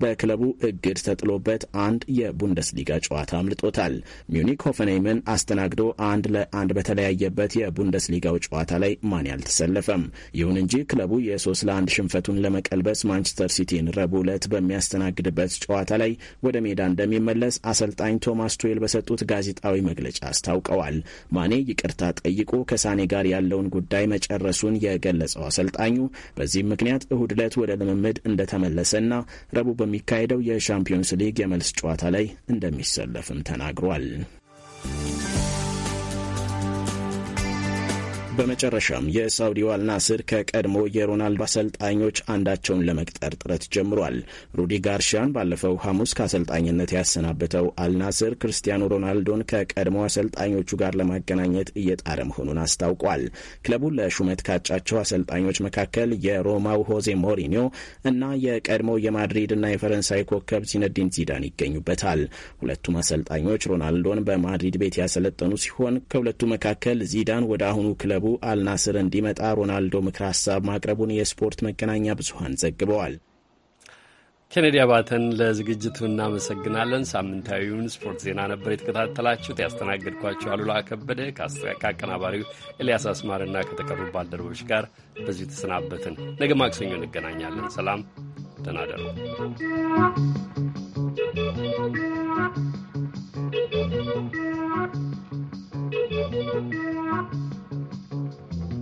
በክለቡ እግድ ተጥሎበት አንድ የቡንደስሊጋ ጨዋታ አምልጦታል። ሚዩኒክ ሆፈንሃይምን አስተናግዶ አንድ ለአንድ በተለያየበት የቡንደስሊጋው ጨዋታ ላይ ማኔ ያልተሰለፈም። ይሁን እንጂ ክለቡ የሶስት ለአንድ ሽንፈቱን ለመቀልበስ ማንቸስተር ሲቲን ረቡዕ ዕለት በሚያስተናግድበት ጨዋታ ላይ ወደ ሜዳ እንደሚመለስ አሰልጣኝ ቶማስ ቱዌል በሰጡት ጋዜጣዊ መግለጫ አስታውቀዋል። ማኔ ይቅርታ ጠይቆ ከሳኔ ጋር ያለውን ጉዳይ መጨረሱን የገለጸው አሰልጣኙ በዚህም ምክንያት እሁድ ዕለት ወደ ልምምድ እንደተመለሰና ረቡዕ በሚካሄደው የሻምፒዮንስ ሊግ የመልስ ጨዋታ ላይ እንደሚሰለፍም ተናግሯል። በመጨረሻም የሳውዲው አልናስር ከቀድሞ የሮናልዶ አሰልጣኞች አንዳቸውን ለመቅጠር ጥረት ጀምሯል። ሩዲ ጋርሻን ባለፈው ሐሙስ ከአሰልጣኝነት ያሰናበተው አልናስር ክርስቲያኖ ሮናልዶን ከቀድሞ አሰልጣኞቹ ጋር ለማገናኘት እየጣረ መሆኑን አስታውቋል። ክለቡ ለሹመት ካጫቸው አሰልጣኞች መካከል የሮማው ሆዜ ሞሪኒዮ እና የቀድሞ የማድሪድ እና የፈረንሳይ ኮከብ ዚነዲን ዚዳን ይገኙበታል። ሁለቱም አሰልጣኞች ሮናልዶን በማድሪድ ቤት ያሰለጠኑ ሲሆን ከሁለቱ መካከል ዚዳን ወደ አሁኑ ክለቡ ክለቡ አልናስር እንዲመጣ ሮናልዶ ምክር ሀሳብ ማቅረቡን የስፖርት መገናኛ ብዙሀን ዘግበዋል። ኬኔዲ አባተን ለዝግጅቱ እናመሰግናለን። ሳምንታዊውን ስፖርት ዜና ነበር የተከታተላችሁት። ያስተናገድኳቸው አሉላ ከበደ ከአቀናባሪው ኤልያስ አስማርና ከተቀሩ ባልደረቦች ጋር በዚሁ ተሰናበትን። ነገ ማክሰኞ እንገናኛለን። ሰላም ተናደሩ።